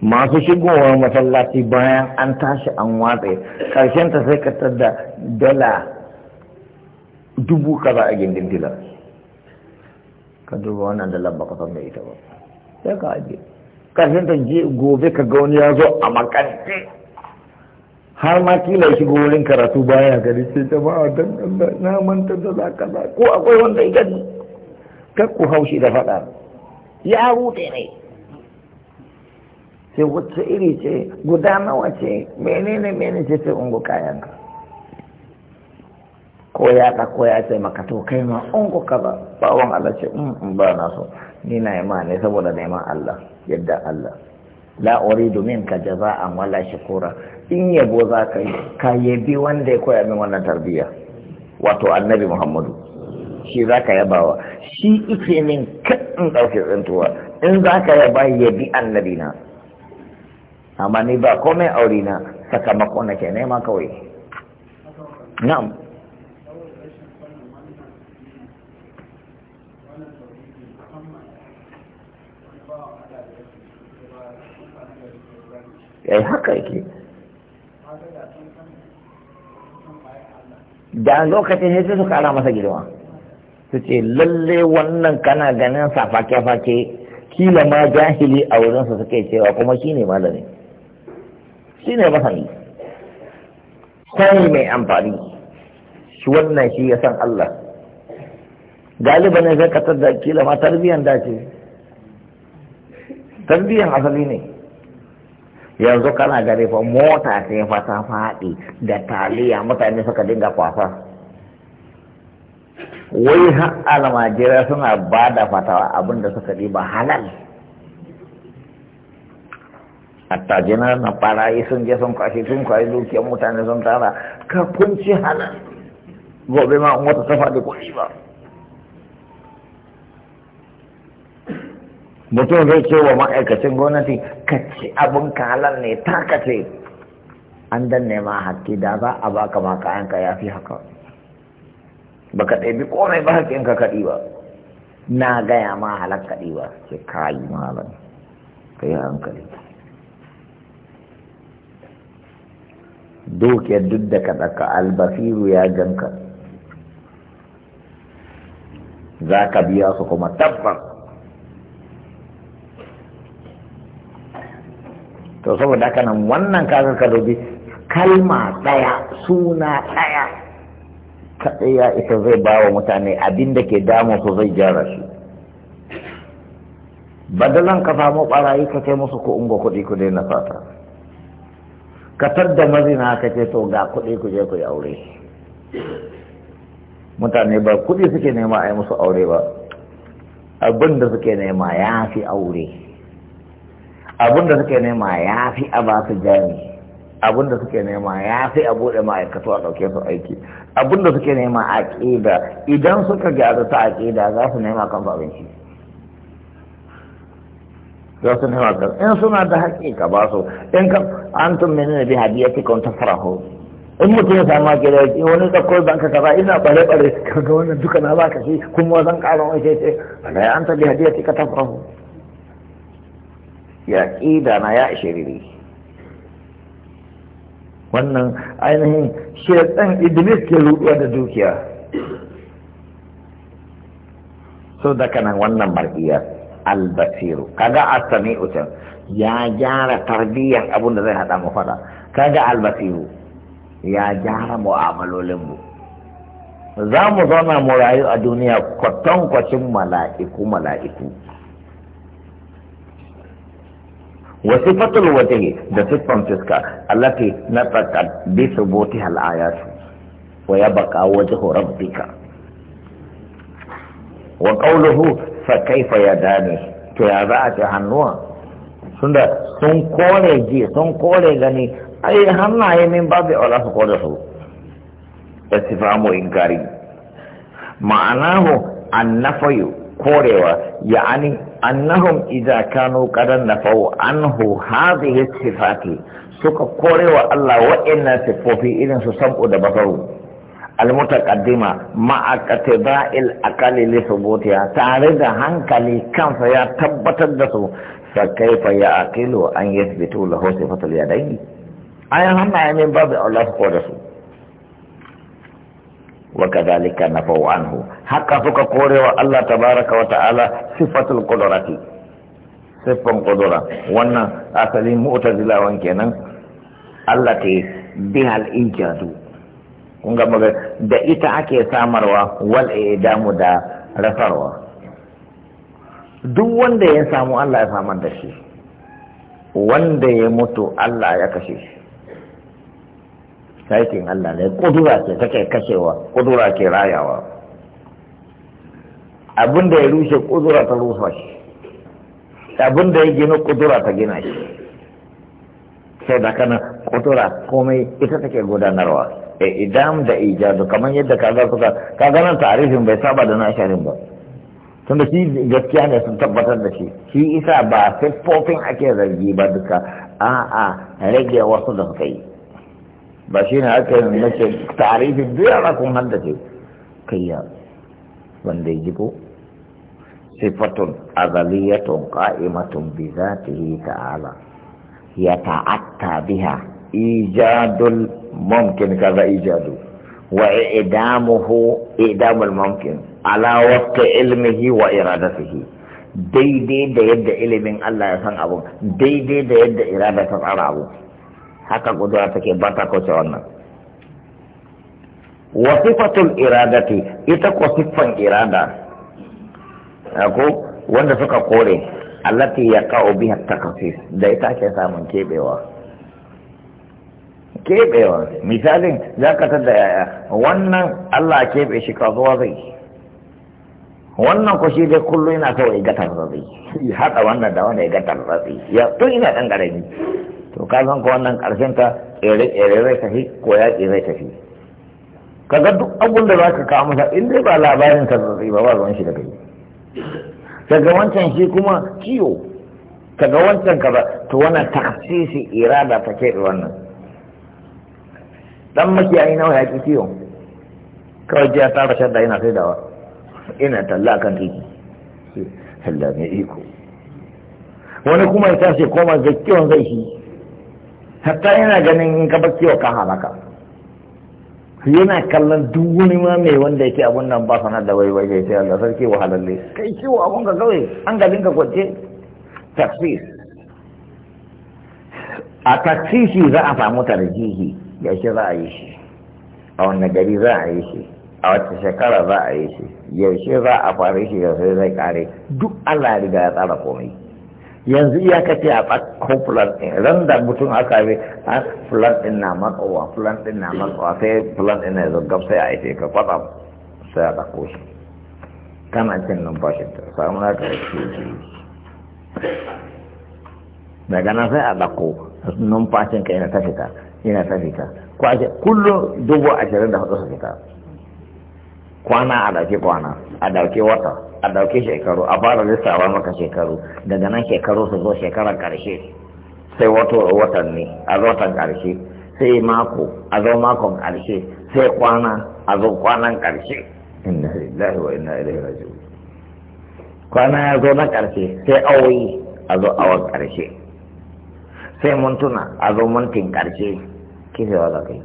masu shigowa masallaci bayan an tashi an watse karshen ta sai ka tadda dala dubu kaza a gindin dilar ka duba wannan da lamba ka san da ita ba sai ka aje kafin ta je gobe ka ga wani ya zo a makarfi har ma kila shi wurin karatu baya gari sai jama'a dan Allah na manta da za ka ko akwai wanda ya gani kar ku haushi da faɗa ya rute ne sai wacce iri ce guda nawa ce menene menene ce sai ungo kayanka ko ya ko ya ce maka to kai ma in ko kaza wan Allah ce in mm, mm, ba na so ni na yi ma ne saboda neman Allah yadda Allah la uridu minka jaza'an wala shukura in yabo za ka yi ka yabi wanda ya koya min wannan tarbiyya wato annabi Muhammadu shi za ka yabawa shi ike min in ɗauke tsintuwa in za ka yaba yabi annabi na amma ni ba komai aure na sakamako nake nema kawai na'am ya yi haka yake da lokacin ne sai su kara masa girma su ce lalle wannan kana ganin sa fake-fake kila ma jahili a wurinsa suke cewa kuma shi ne malami shi ne masani sani mai amfani shi wannan shi ya san Allah galiba ne zai katar da kila ma tarbiyyar dace tarbiyyar asali ne yanzu kana gare fa mota sai fa ta faɗi da taliya mutane suka dinga kwafa wai har almajira suna ba da fatawa abinda suka ba halal attajinar na barayi sun je sun kwashe sun kwaye dukiyar mutane sun tara ka kunci halal gobe ma wata ta faɗi kuɗi ba mutum zai ce wa ma'aikacin gwamnati ka ci abin kalan ne ta ka ce an danne ma haƙƙi da za a baka ma kayanka ya fi haka ba ka ɗabi komai ba ka kaɗi ba na gaya ma halar kaɗi ba ce kayi malam ka yi hankali doke duk da ka ɗaka albasiru ya ganka za ka biya su kuma tabbas to saboda haka nan wannan kaga ka kalma ɗaya suna ɗaya kaɗaya ita zai ba wa mutane abin da ke damu su zai gyara shi badalan ka samu ɓarayi ka kai musu ko ungo kuɗi ku daina fata ka tadda mazina ka ce to ga kuɗi ku je ku yi aure mutane ba kuɗi suke nema a yi musu aure ba abin da suke nema ya fi aure abinda suke nema ya fi a ba su jami abinda suke nema ya fi a bude ma'aikatu a ɗauke su aiki abinda suke nema a ƙida idan suka gyaru ta a ƙida za su nema kan abinci za su nema kan in suna da haƙƙi ka ba su in ka an tun mene ne bi ta kan ta faraho in mutum ya samu haƙƙi da ce wani ɗauko zan ka kaza ina ɓare ɓare ka ga wannan duka na ba ka shi kuma zan ƙara wani ce ce an ta bi hadiyati ka ta faraho ya ƙida na ya shiriri wannan ainihin shaitan idris ke ruɗuwa da dukiya so da kanan wannan mar'iyar albasiru kaga asami utan ya gyara tarbiyyar abun da zai hada mu fada kaga albasiru ya gyara mu'amalolinmu za mu zauna mu rayu a duniya kwatankwacin mala'iku mala'iku Wasu sifatul waje da siffan fiska allati nataqat bi thubutiha al-ayat wa yabqa wajhu rabbika wa qawluhu fa kayfa yadani to ya za a ce hannuwa tunda sun kore ji sun kore gani ai hannaye min babu aula su kore su istifamu inkari ma'anahu annafayu korewa ya'ani annahum idza kanu qadan nafau anhu hadhihi sifati suka wa Allah wa'annan sifofi irin su sam'u da basaru almutaqaddima ma'a qatba'il aqali li thubutiha tare da hankali kansa ya tabbatar da su fa kaifa ya aqilu an yathbitu lahu sifatul yadayn ayan hannaye ne babu Allah ko da su waka zalika na anhu haka suka korewa Allah ta wa ta'ala sifatul kudurati siffan kudura wannan asalin mu'tazilawan kenan Allah ta bihal injadu kun ga da ita ake samarwa wal idamu da rasarwa duk wanda ya samu Allah ya samar da shi wanda ya mutu Allah ya kashe shi saikin Allah ne kudura ce take kashewa kudura ke rayawa abin da ya rushe kudura ta rufa shi abin da ya gina kudura ta gina shi sai da kana kudura komai ita take gudanarwa e idam da ijazu kamar yadda kaga suka kaga nan tarihin bai saba da nasharin ba tunda shi gaskiya ne sun tabbatar da shi shi isa ba siffofin ake zargi ba duka a'a rage wasu da suka yi ba shi ne aka yi nace tarihi biyar a kun haddace kayya wanda ya ji ko sifatun azaliyatun ka'imatun bi yi ta'ala ya ta'atta biha ijadul mumkin kaza ijadu wa idamuhu idamul mumkin ala waqti ilmihi wa iradatihi daidai da yadda ilimin Allah ya san abu daidai da yadda irada ta tsara abu haka kudura take ba ta kauce wannan wasifatul iradati ita ko siffan irada ko wanda suka kore allati kawo biya takfif da ita ake samun kebewa kebewa misalin za ka tada yaya wannan Allah kebe shi zuwa zai wannan ko shi dai kullum yana kawai ya gatar zai haɗa wannan da wanda ya gatar zai ya tun ina ɗan ƙarami to ka san ko wannan karshen ka tsere-tsere zai tafi ko yaƙi zai tafi kaga duk abun da zaka kawo masa in dai ba labarin ka zai ba ba ruwan shi da kai Daga wancan shi kuma ciwo kaga wancan ka ba to wani taksisi irada ta ke wannan dan makiyayi nawa ya ki ciwo kawai jiya ta rashar da yana sai dawa ina talla kan titi Allah mai iko wani kuma ya tashi koma zakkiyon zai shi hatta yana ganin in ka bar kiwo ka halaka yana kallon duk wani ma mai wanda yake abun nan ba sanar da waiwai ya ce Allah sarki halalle kai kiwo abun ka kawai an ga ka kwance tafsir a tafsiri za a samu tarjihi shi za a yi shi a wanne gari za a yi shi a wata shekara za a yi shi yaushe za a fara shi yaushe zai kare duk Allah ya riga ya tsara komai yanzu iya ce a ɓakon fulan ɗin ran da mutum aka bi a fulan ɗin na matsowa fulan ɗin na matsowa sai fulan ɗin na zargab sai a aike ka faɗa sai a ɗako su kana cin numfashin ta samu na ka yi yi daga nan sai a ɗako numfashin ka yana ta fita yana ta fita kwashe kullum dubu ashirin da hudu su fita kwana a ɗauke kwana a ɗauke wata a dauke shekaru a fara lissawa maka shekaru daga nan shekaru su zo shekarar karshe sai wato watanni a zo watan karshe sai mako a zo makon karshe sai kwana a zo kwanan karshe inna lillahi wa inna ilaihi raji'un kwana ya zo na karshe sai awoyi a zo awon karshe sai mintuna a zo mintin karshe kifewa za ka yi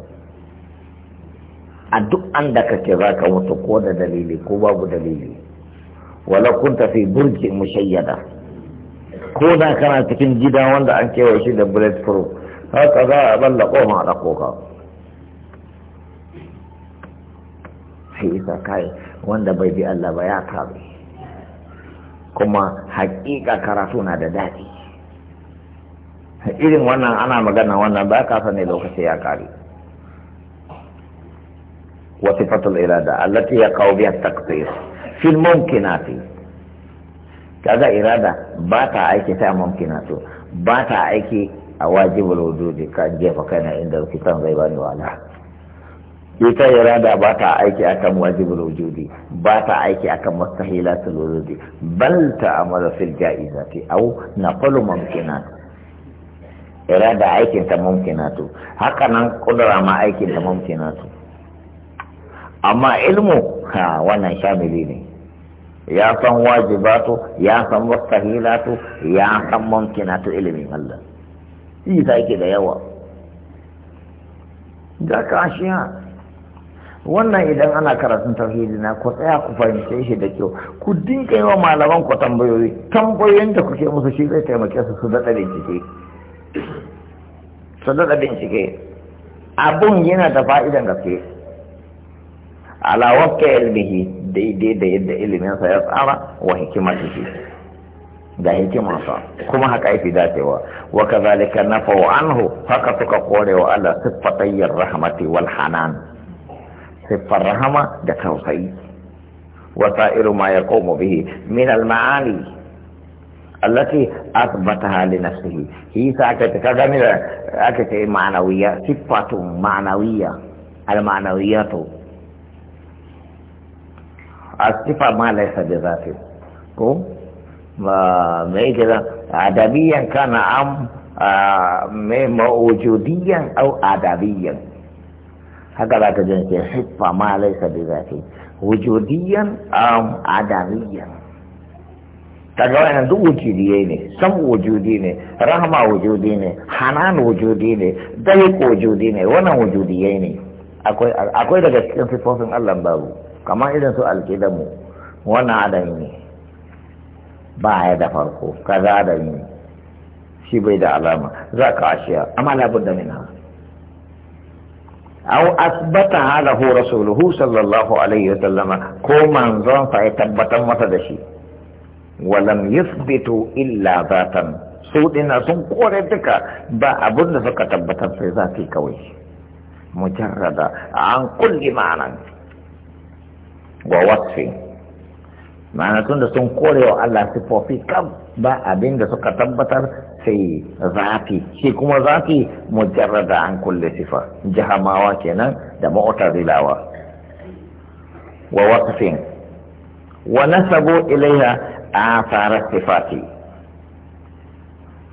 a duk an da kake za ka mutu ko da dalili ko babu dalili wala kunta fi burjin mushayyada ko da kana cikin gida wanda an kewa shi da bullet proof haka za a balla koma da koka sai isa kai wanda bai bi Allah ba ya kabe kuma hakika karatu na da daɗi irin wannan ana magana wannan ba ka sani lokaci ya kare wasifatul irada Allah ya kawo biya taqsir fil mumkinati kaga irada ba ta aiki ta mumkinatu ba ta aiki a wajibul wujudi ka jefa kana inda kitan zai bani wala ita irada ba ta aiki akan wajibul wujudi ba ta aiki akan mustahilatul wujudi bal ta amara fil jaizati au naqulu mumkinat irada aikin ta mumkinatu haka nan kudura ma aikin ta mumkinatu amma ilmu ha wannan shamili ne ya san wajibatu ya san mustahilatu ya san mumkinatu ilimin Allah shi ta yake da yawa ga kashiya wannan idan ana karatun tauhidi na ku tsaya ku fahimce shi da kyau ku dinka yi wa malaman ku tambayoyi tambayoyin da kuke musu shi zai taimake su su daɗa bincike su daɗa bincike abun yana da fa'idan gaske ala wakka ilmihi daidai da yadda iliminsa ya tsara wa hikimatihi da hikimarsa kuma haka yafi dacewa wa kazalika nafau anhu haka suka korewa ala siffatayyar rahmati wal hanan siffar rahama da tausayi wa sa'iru ma yaqumu bihi min al ma'ani التي أثبتها لنفسه هي aka ce أكت معنوية صفة معنوية المعنويات asifa ma laisa bi zafi ko ma me gida adabiyan kana am me mawujudiyan au adabiyan haka za ka jin ke sifa ma laisa bi zafi wujudiyan am adabiyan kaga wannan duk wujudiyai ne sam wujudi ne rahama wujudi ne hanan wujudi ne dalik wujudi ne wannan wujudiyai ne akwai daga cikin sifofin Allah babu kamar idan su alƙidamu wani adam ne ba ya da farko kaza da ne shi bai da alama za ka ashiya amma labar da mina au asbata halahu rasuluhu sallallahu alaihi wasallama ko manzon sa ya tabbatar masa da shi walam yuthbitu illa zatan su dina sun kore duka ba abin da suka tabbatar sai zafi kawai mujarrada an kulli ma'anan wa wasfi ma'ana tun da sun kore wa Allah sifofi kam ba abin da suka tabbatar sai zafi shi kuma zafi mujarrada an kulle sifa jahamawa kenan da mu'tazilawa wa wasfin wa nasabu ilaiha athara sifati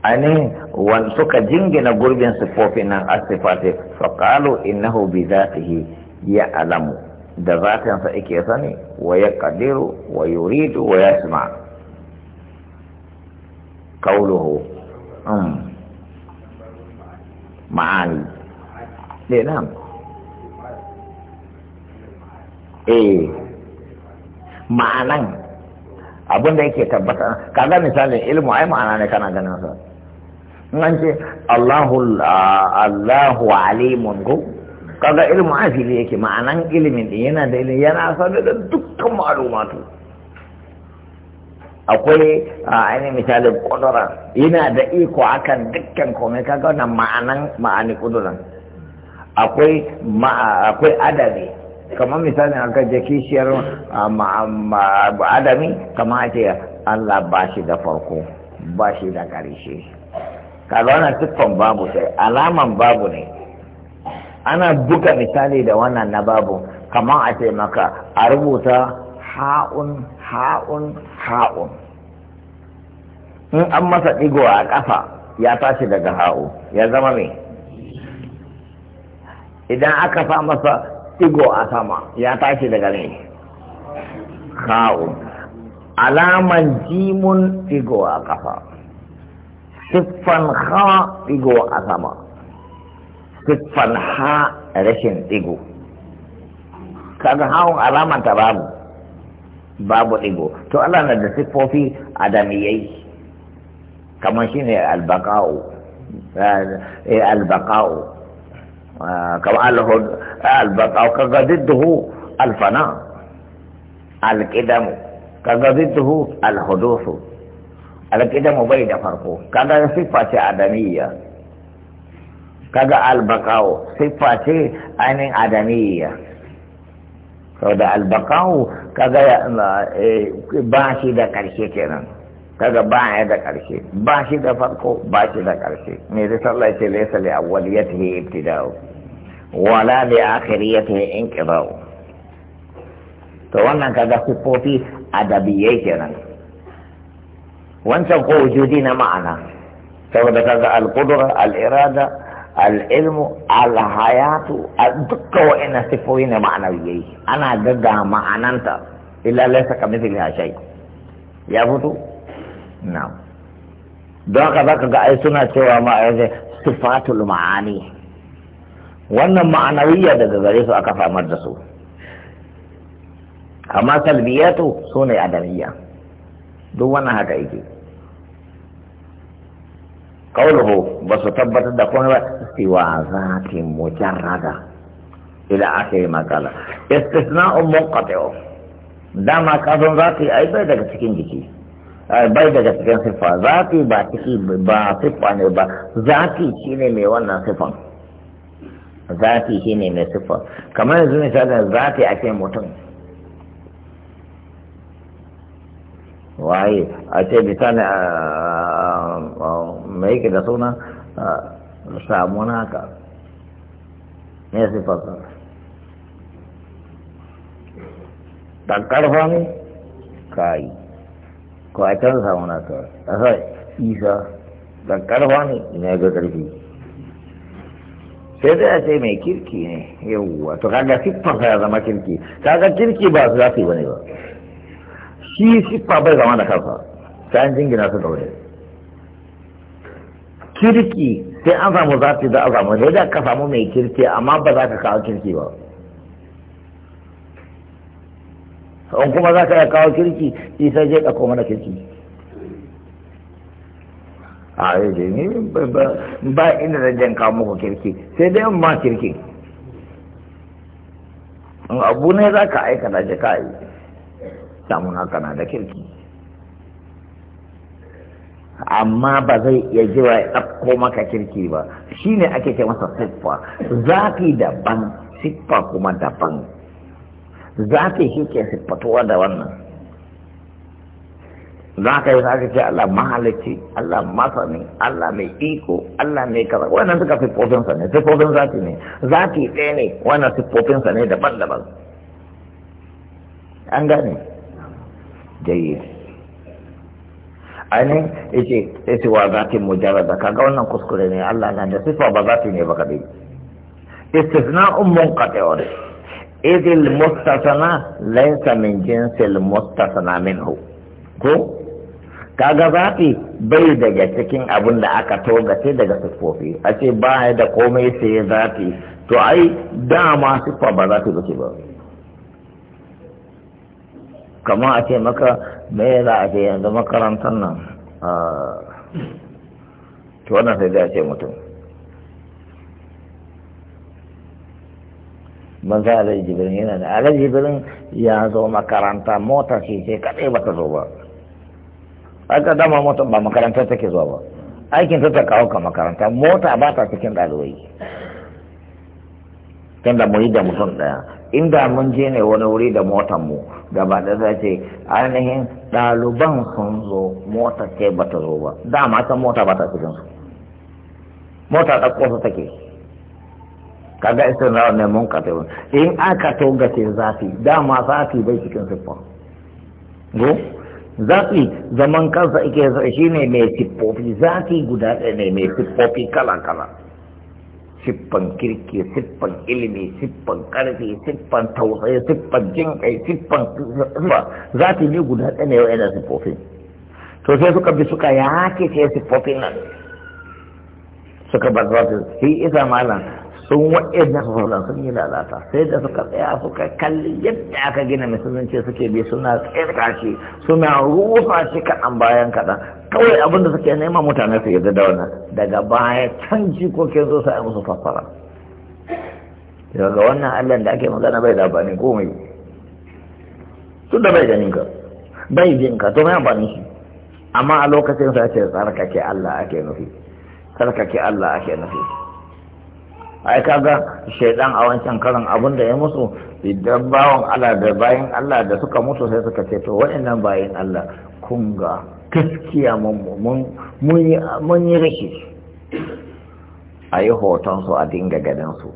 ani wan suka jingina gurbin sifofin nan asifati fa qalu innahu bi zatihi ya alamu da zatansa ike sani wa ya kadiru wa yuridu wa ya sima kauluhu um, ma'ani ne eh, nan eh ma'anan abinda yake tabbata kaga misalin ilmu ai ma'ana ne kana ganin sa in an ce Allahu ah, alimun ko kaga ilimin a yake ma'anan ilimin din yana da ilimin yana sanar da dukkan ma'alumatu akwai a ainihin misali kudura yana da iko akan dukkan komai kaga wannan ma'anan ma'ani kuduran akwai akwai adabi kamar misalin aka je kishiyar adami kamar a ce Allah ba shi da farko ba shi da karshe kaga wannan siffan babu sai alaman babu ne ana buga misali da wannan na babu kamar a ce maka a rubuta ha'un ha'un ha'un in an masa ɗigo a ƙafa ya tashi daga ha'u ya zama mai idan aka sa masa ɗigo a sama ya tashi daga mai ha'un alaman jimun ɗigo a ƙafa siffan ha ɗigo a sama siffan ha rashin ɗigo kaga hawan ta babu babu ɗigo to Allah na da siffofi adamiyai kamar shine albaqa'u albaka'u albaqa'u kamar allahun albaqa'u kaga didduhu alfana alƙidamu kaga didduhu alhudusu alƙidamu bai da farko kaga siffa ce adamiyya kaga albakawo siffa ce ainihin adamiyya sau da albakawo kaga eh, ba shi da ƙarshe kenan kaga ba ya da ƙarshe ba shi da farko ba shi da ƙarshe me zai sallah ce laisa li awwaliyatihi ibtida'u wala akhiri li akhiriyatihi inqida'u to wannan kaga siffofi adabiyai kenan wancan ko wujudi na ma'ana saboda kaga al-qudra al-irada al'ilmu alhayatu a dukka wa'ina sifoyi ne ma'anawiyai ana gaga ma'ananta sa laisa ka mithli shai. ya fito na don haka zaka ga ai suna cewa ma sifatul ma'ani wannan ma'anawiyya daga gare su aka samar da su amma salbiyatu sune adamiyya duk wannan haka yake qawluhu ba su tabbatar da kuma ba siwa zatin mujarrada ila akhir makala istisna'un munqati'u dama kazan zati ai bai daga cikin jiki bai daga cikin siffa zati ba ciki ba siffa ne ba zati shine mai wannan siffan zati shine mai siffa kamar yanzu misalin zati a ce mutum waye a ce misalin ah, mai da suna samu naka ne sifarsa da karfa ne kayi ko a can samu naka a sa isa da karfa ne ina ga karfi sai dai a ce mai kirki ne yawwa to kaga siffarsa ya zama kirki kaga kirki ba su za su yi wani ba shi siffa bai zama da kansa sai an jingina su da wani kirki sai an samu zafi za a samu sai da ka samu mai kirki amma ba za ka kawo kirki ba in kuma za ka kawo kirki isa je koma mana kirki a yi eh, da ni ba inda zan jan kawo muku kirki sai dai ma kirki abu ne za ka aikata je ka yi samun haka na da kirki amma ba zai iya jira ya ɗauko maka kirki ba shi ne ake ce masa siffa zafi daban siffa kuma daban zafi shi ke siffatuwa da wannan za ka yi sa ce Allah mahalicci Allah masani Allah mai iko Allah mai kaza wannan suka siffofinsa ne siffofin zafi ne zafi ɗaya ne wannan siffofinsa ne daban-daban an gane jayyar ainihin yace ce wa za zatin mujarrada kaga wannan kuskure ne Allah na da sifa ba yi ne ba kadai istisna'un wani idil mustasana laisa min jinsil mustasana hu ko kaga zafi bai daga cikin abin da aka sai daga siffofi a ce ba da komai sai zafi to ai dama siffa ba yi ba ce ba kamar a ce maka me za a ce yanzu makarantar nan a wannan sai zai ce mutum ban sai alhaji jibirin yana da alhaji jibirin ya zo makaranta mota ce ce kadai ba ta zo ba aka dama mota ba makaranta take zuwa ba aikin ta ta kawo ka makaranta mota ba ta cikin ɗalibai tunda mu yi da mutum ɗaya inda mun je ne wani wuri da motar mu gaba da za ce ainihin ɗaliban sun zo motar ce ba ta zo ba dama ta mota ba ta cikin su mota ta su take kaga isa na ne mun ka in aka togace zafi dama zafi bai cikin siffa go zafi zaman kansa ike shi ne mai siffofi zafi guda ɗaya ne mai siffofi kala kala siffan kirki siffan ilimi siffan karfi siffan tausayi siffan jin kai siffan za ta yi guda ɗaya ne yana siffofin to sai suka bi suka yake ce siffofin nan suka bar su yi isa malam sun wa'in na sauran sun yi lalata sai da suka tsaya suka kalli yadda aka gina musulunci suke bi suna tsirka shi suna rufa shi kaɗan bayan kaɗan kawai abin da suke nema mutane su yarda da wannan daga baya can jikokin zo sai musu fafara daga wannan allah da ake magana bai da bani komai tun da bai ganin ka bai jin ka to mai amfani shi amma a lokacin sa ce tsarkake allah ake nufi tsarkake allah ake nufi ai ga shaidan a wancan karan abin da ya musu idan bawan Allah da bayan Allah da suka mutu sai suka ce to waɗannan bayan Allah kun ga gaskiya mun yi rashi a yi hotonsu a dinga gadansu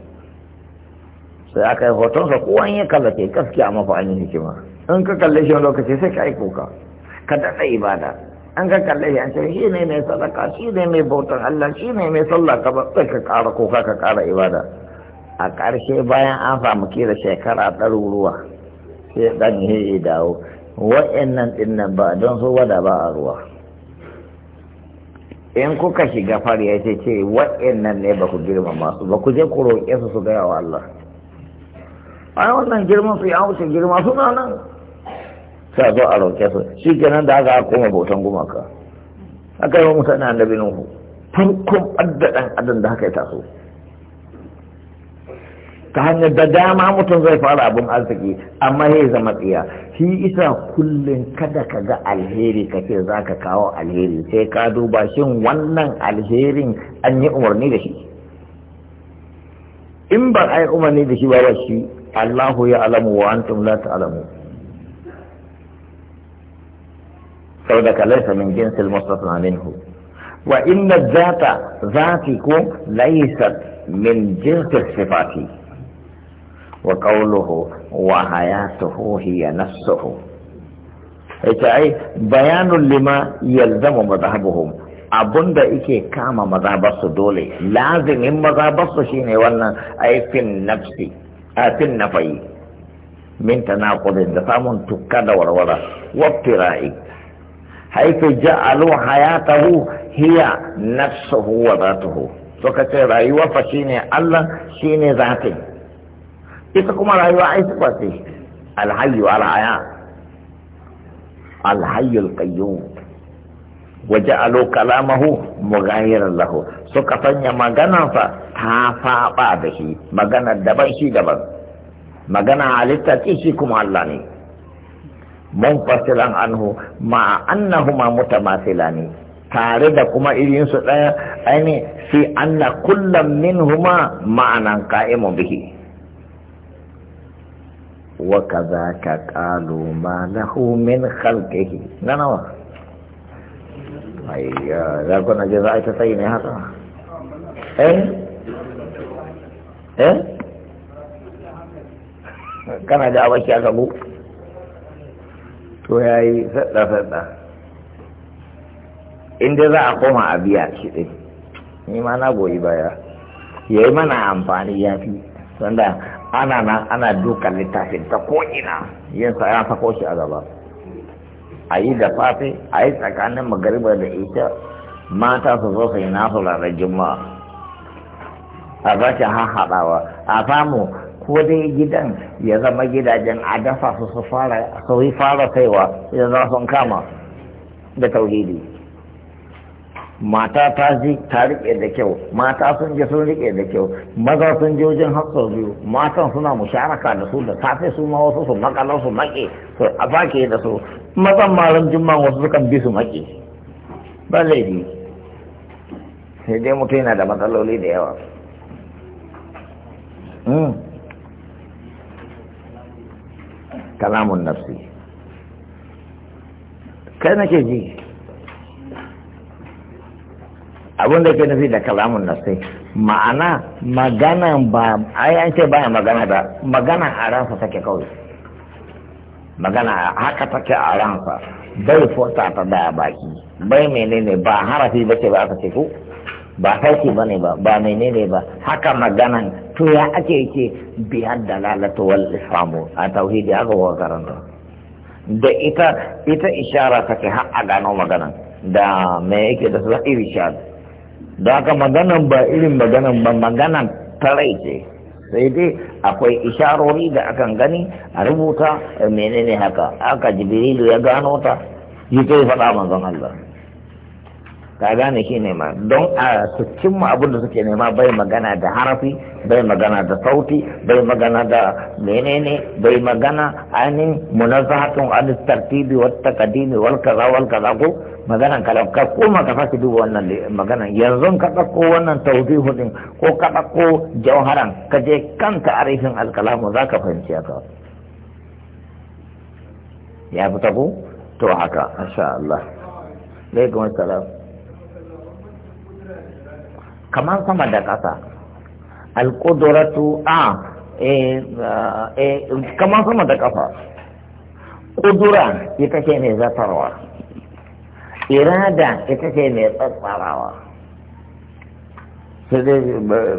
sai aka yi hotonsa wani ya kallace gaskiya mafa an yi hikima in ka kalle shi lokaci sai ka yi kuka ka daɗa ibada an ka kalle shi an ce shi ne mai sadaka shi ne mai bautar Allah shi ne mai sallah ka ba sai ka kara ko ka kara ibada a ƙarshe bayan an samu da shekara ɗaruruwa sai ɗan ya dawo wa'annan ɗin nan ba don so wada ba a ruwa in kuka shiga fari ya ce ce wa'annan ne ba ku girma masu ba ku je ku roƙe su su gaya wa Allah a wannan girman su ya wuce girma suna nan sa zo a rauke su shi kenan da aka koma bautan gumaka aka yi wa mutane annabi nuhu farkon addadan adam da haka yi taso ta hanyar da dama mutum zai fara abin arziki amma ya zama tsiya shi isa kullum kada ka ga alheri ka ce za ka kawo alheri sai ka duba shin wannan alherin an yi umarni da shi in ba a yi umarni da shi ba shi allahu ya alamu wa antum la alamu فإنك ليس من جنس المستثنى منه وإن الذات ذاتكم ليست من جنس الصفات وقوله وحياته هي نفسه أي بيان لما يلزم مذهبهم أبند إيكي كام مذهب دولي لازم إن مذهب شيني ولا أي في النفس أي في النفي من تناقض دفام تكاد ورورا وابترائي haifu ja'alu hayatahu hiya nafsuhu wa zatuhu suka ce rayuwa fa shine Allah shine zatin ita kuma rayuwa ai sifa ce alhayyu alhaya alhayyu alqayyum wa ja'alu kalamahu mughayiran lahu suka sanya maganarsa ta faɓa da shi maganar daban shi daban magana halitta ce shi kuma Allah ne munfasilan anhu ma annahuma mutamasilani tare da kuma irin su daya aini fi anna kullam minhuma ma'anan qa'imun bihi wa kadhaka qalu ma lahu min khalqihi nana wa ayya da kuna na je za a ta sai ne haka eh eh kana da abaki aka buku to ya yi sadda-sadda inda za a koma a biya shi ɗin ni ma na goyi baya ya yi mana amfani ya fi wanda ana na ana dukan littafin ta ko'ina yin sa ya sako shi a gaba a yi da fafi a yi tsakanin magariba da ita mata su zo su yi nasu ranar juma'a a zace haɗawa a samu ko dai gidan ya zama gidajen a dafa su su fara su yi fara kaiwa ya za sun kama da tauhidi mata ta ji ta riƙe da kyau mata sun ji sun riƙe da kyau maza sun ji wajen haƙƙo biyu matan suna musharaka da su da safe su ma wasu su makala su maƙe su a bake da su mazan malam jimman wasu sukan bi su maƙe ba laifi sai dai mutum yana da matsaloli da yawa hmm. kalamun nafsi kai nake ji abin da ke nufi da kalamun nafsi ma'ana magana ba ai an ce baya magana da magana a ransa take kawai magana haka take a ransa bai furta ta daya baki bai menene ba harafi ba ce ba aka ce ko ba sauki ba ne ba ba menene ba haka maganan to ya ake ce biyar lalata wal islamu a tauhidi aka kuwa karanta da ita ita ishara ke har a gano magana da me yake da su iri shad da haka magana ba irin magana ba ta rai ce sai dai akwai isharori da akan gani a rubuta menene haka aka jibrilu ya gano ta yi kai faɗa manzon Allah ka gane shi nema don a su mu abin da suke nema bai magana da harafi bai magana da sauti bai magana da menene bai magana ainihin munazzahatun an tartibi wa taqdimi wal kaza wal kaza ko maganan kala ka koma ka saki duba wannan magana yanzu ka dauko wannan tawdihu din ko ka dauko jawharan ka je kanka arifin alkalamu zaka fahimci aka ya fita ko to haka insha Allah alaikum assalam kamar sama da ƙasa alƙuduratu a ah, eh, eh, eh, kamar sama da ƙasa ƙudura ita ce mai zatarwa irada ita ce mai tsatsarawa sai dai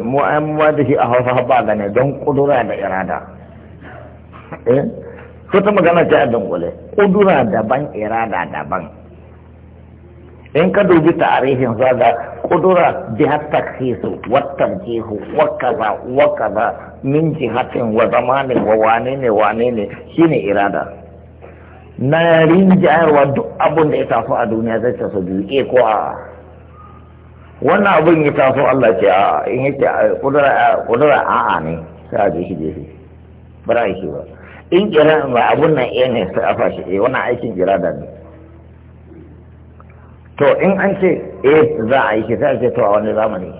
mu'amma da shi a hausa ba gane don ƙudura da irada ko ta magana ce a dunkule ƙudura daban irada daban in ka dubi tarihin zaga kudura jihar taksisu wattan jihu wakaza wakaza min jihatin wa zamanin wa wane ne wane ne shine irada na jayarwa duk abin da ya taso a duniya zai taso biyu ko a wannan abin ya taso Allah ce a in yake kudura a'a ne sai a je shi je shi bara shi ba in kira ba abun nan e ne sai a fashi wani wannan aikin irada ne to in an ce eh za a yi shi a ce to a wani zamani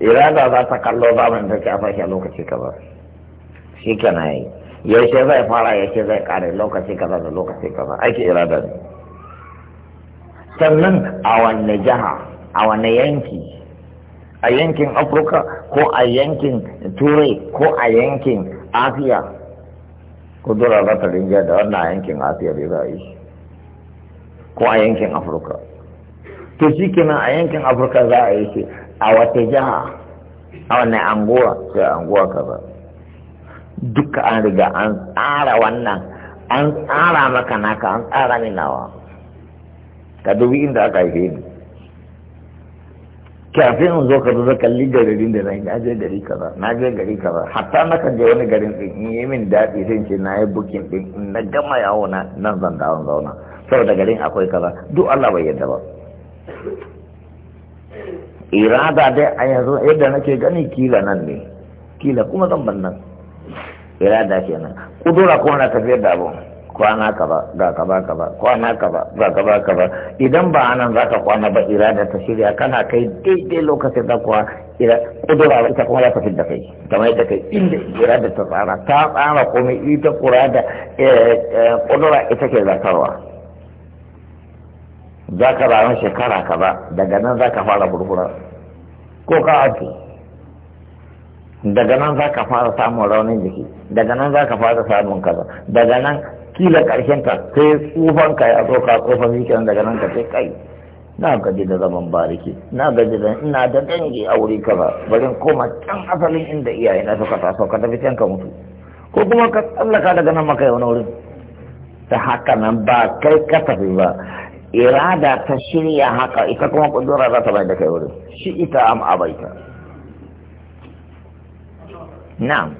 irada za ta kallo zamani da ke a fashe lokaci kaza shi na yi yaushe zai fara yaushe zai kare lokaci kaza da lokaci kaza aiki irada ne sannan a wanne jiha a wanne yanki a yankin afirka ko a yankin turai ko a yankin asiya kudura za ta rinja da wannan yankin asiya da za a yi ko a yankin afirka to shi kenan a yankin afirka za a yi shi a wata jiha a wannan anguwa sai anguwa kaza duka an riga an tsara wannan an tsara maka naka an tsara nawa ka dubi inda aka yi ni kafin in zo ka zo kalli garin da na je gari kaza na je gari kaza hatta na kan je wani garin din in yi min daɗi sai ce na yi bukin din na gama yawo na nan zan dawo zauna sau da garin akwai kaza duk Allah bai yadda ba irada dai a yanzu yadda nake gani kila nan ne kila kuma zan ban nan irada kenan kudura ko na tafiyar da abun kwana ka ba ga ka ba ka ba kwana ka ba ga ka ba ka ba idan ba anan zaka kwana ba irada ta shirya kana kai daidai lokacin da kuwa ira kudura ba ita kuma za ta fidda kai kamar yadda kai inda irada ta tsara ta tsara komai ita kura da eh, eh, kudura ita ke zartarwa za ka rayu shekara kaza daga nan za ka fara burbura ko ka ake daga nan za ka fara samun raunin jiki daga nan za ka fara samun kaza daga nan kila karshen ka sai tsufan ka ya zo ka tsufan zikirin daga nan ka sai kai na gaji da zaman bariki na gaji da ina da dangi a wuri kaza bari koma can asalin inda iyaye na suka taso ka tafi can ka mutu ko kuma ka tsallaka daga nan maka wani wurin ta haka nan ba kai ka tafi ba irada ta shirya haka ita kuma kudura za ta bai da kai wurin shi ita am abaita na'am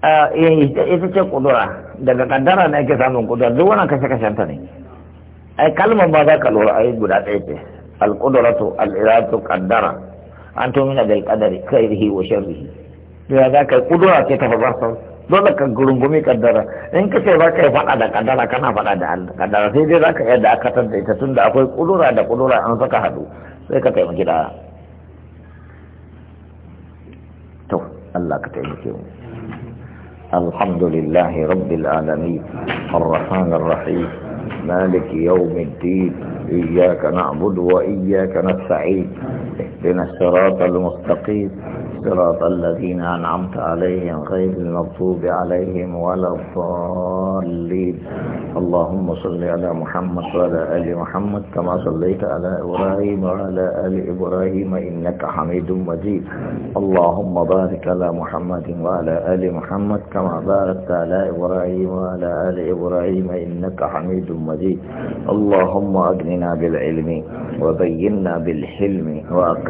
eh, eh, ita ce kudura daga kaddara ne ake samun kudura duk wannan kashe kashen ta ne ai kalmar ba za ka lura ai guda ɗaya ce al kuduratu al-iradatu qaddara an tumina bil qadari khairihi wa sharrihi to ya za ka kudura ce ta fa dole ka gurungumi kaddara in ka ce za ka yi faɗa da kaddara kana faɗa da kaddara sai dai za ka yi da aka da ita tun da akwai kudura da kudura an saka haɗu sai ka taimaki da to Allah ka taimake mu الحمد لله رب العالمين الرحمن الرحيم مالك يوم الدين wa نعبد وإياك sa'i. اهدنا الصراط المستقيم صراط الذين أنعمت عليهم غير المغضوب عليهم ولا الضالين اللهم صل على محمد وعلى آل محمد كما صليت على إبراهيم وعلى آل إبراهيم إنك حميد مجيد اللهم بارك على محمد وعلى آل محمد كما باركت على إبراهيم وعلى آل إبراهيم إنك حميد مجيد اللهم اغننا بالعلم وبينا بالحلم وأقل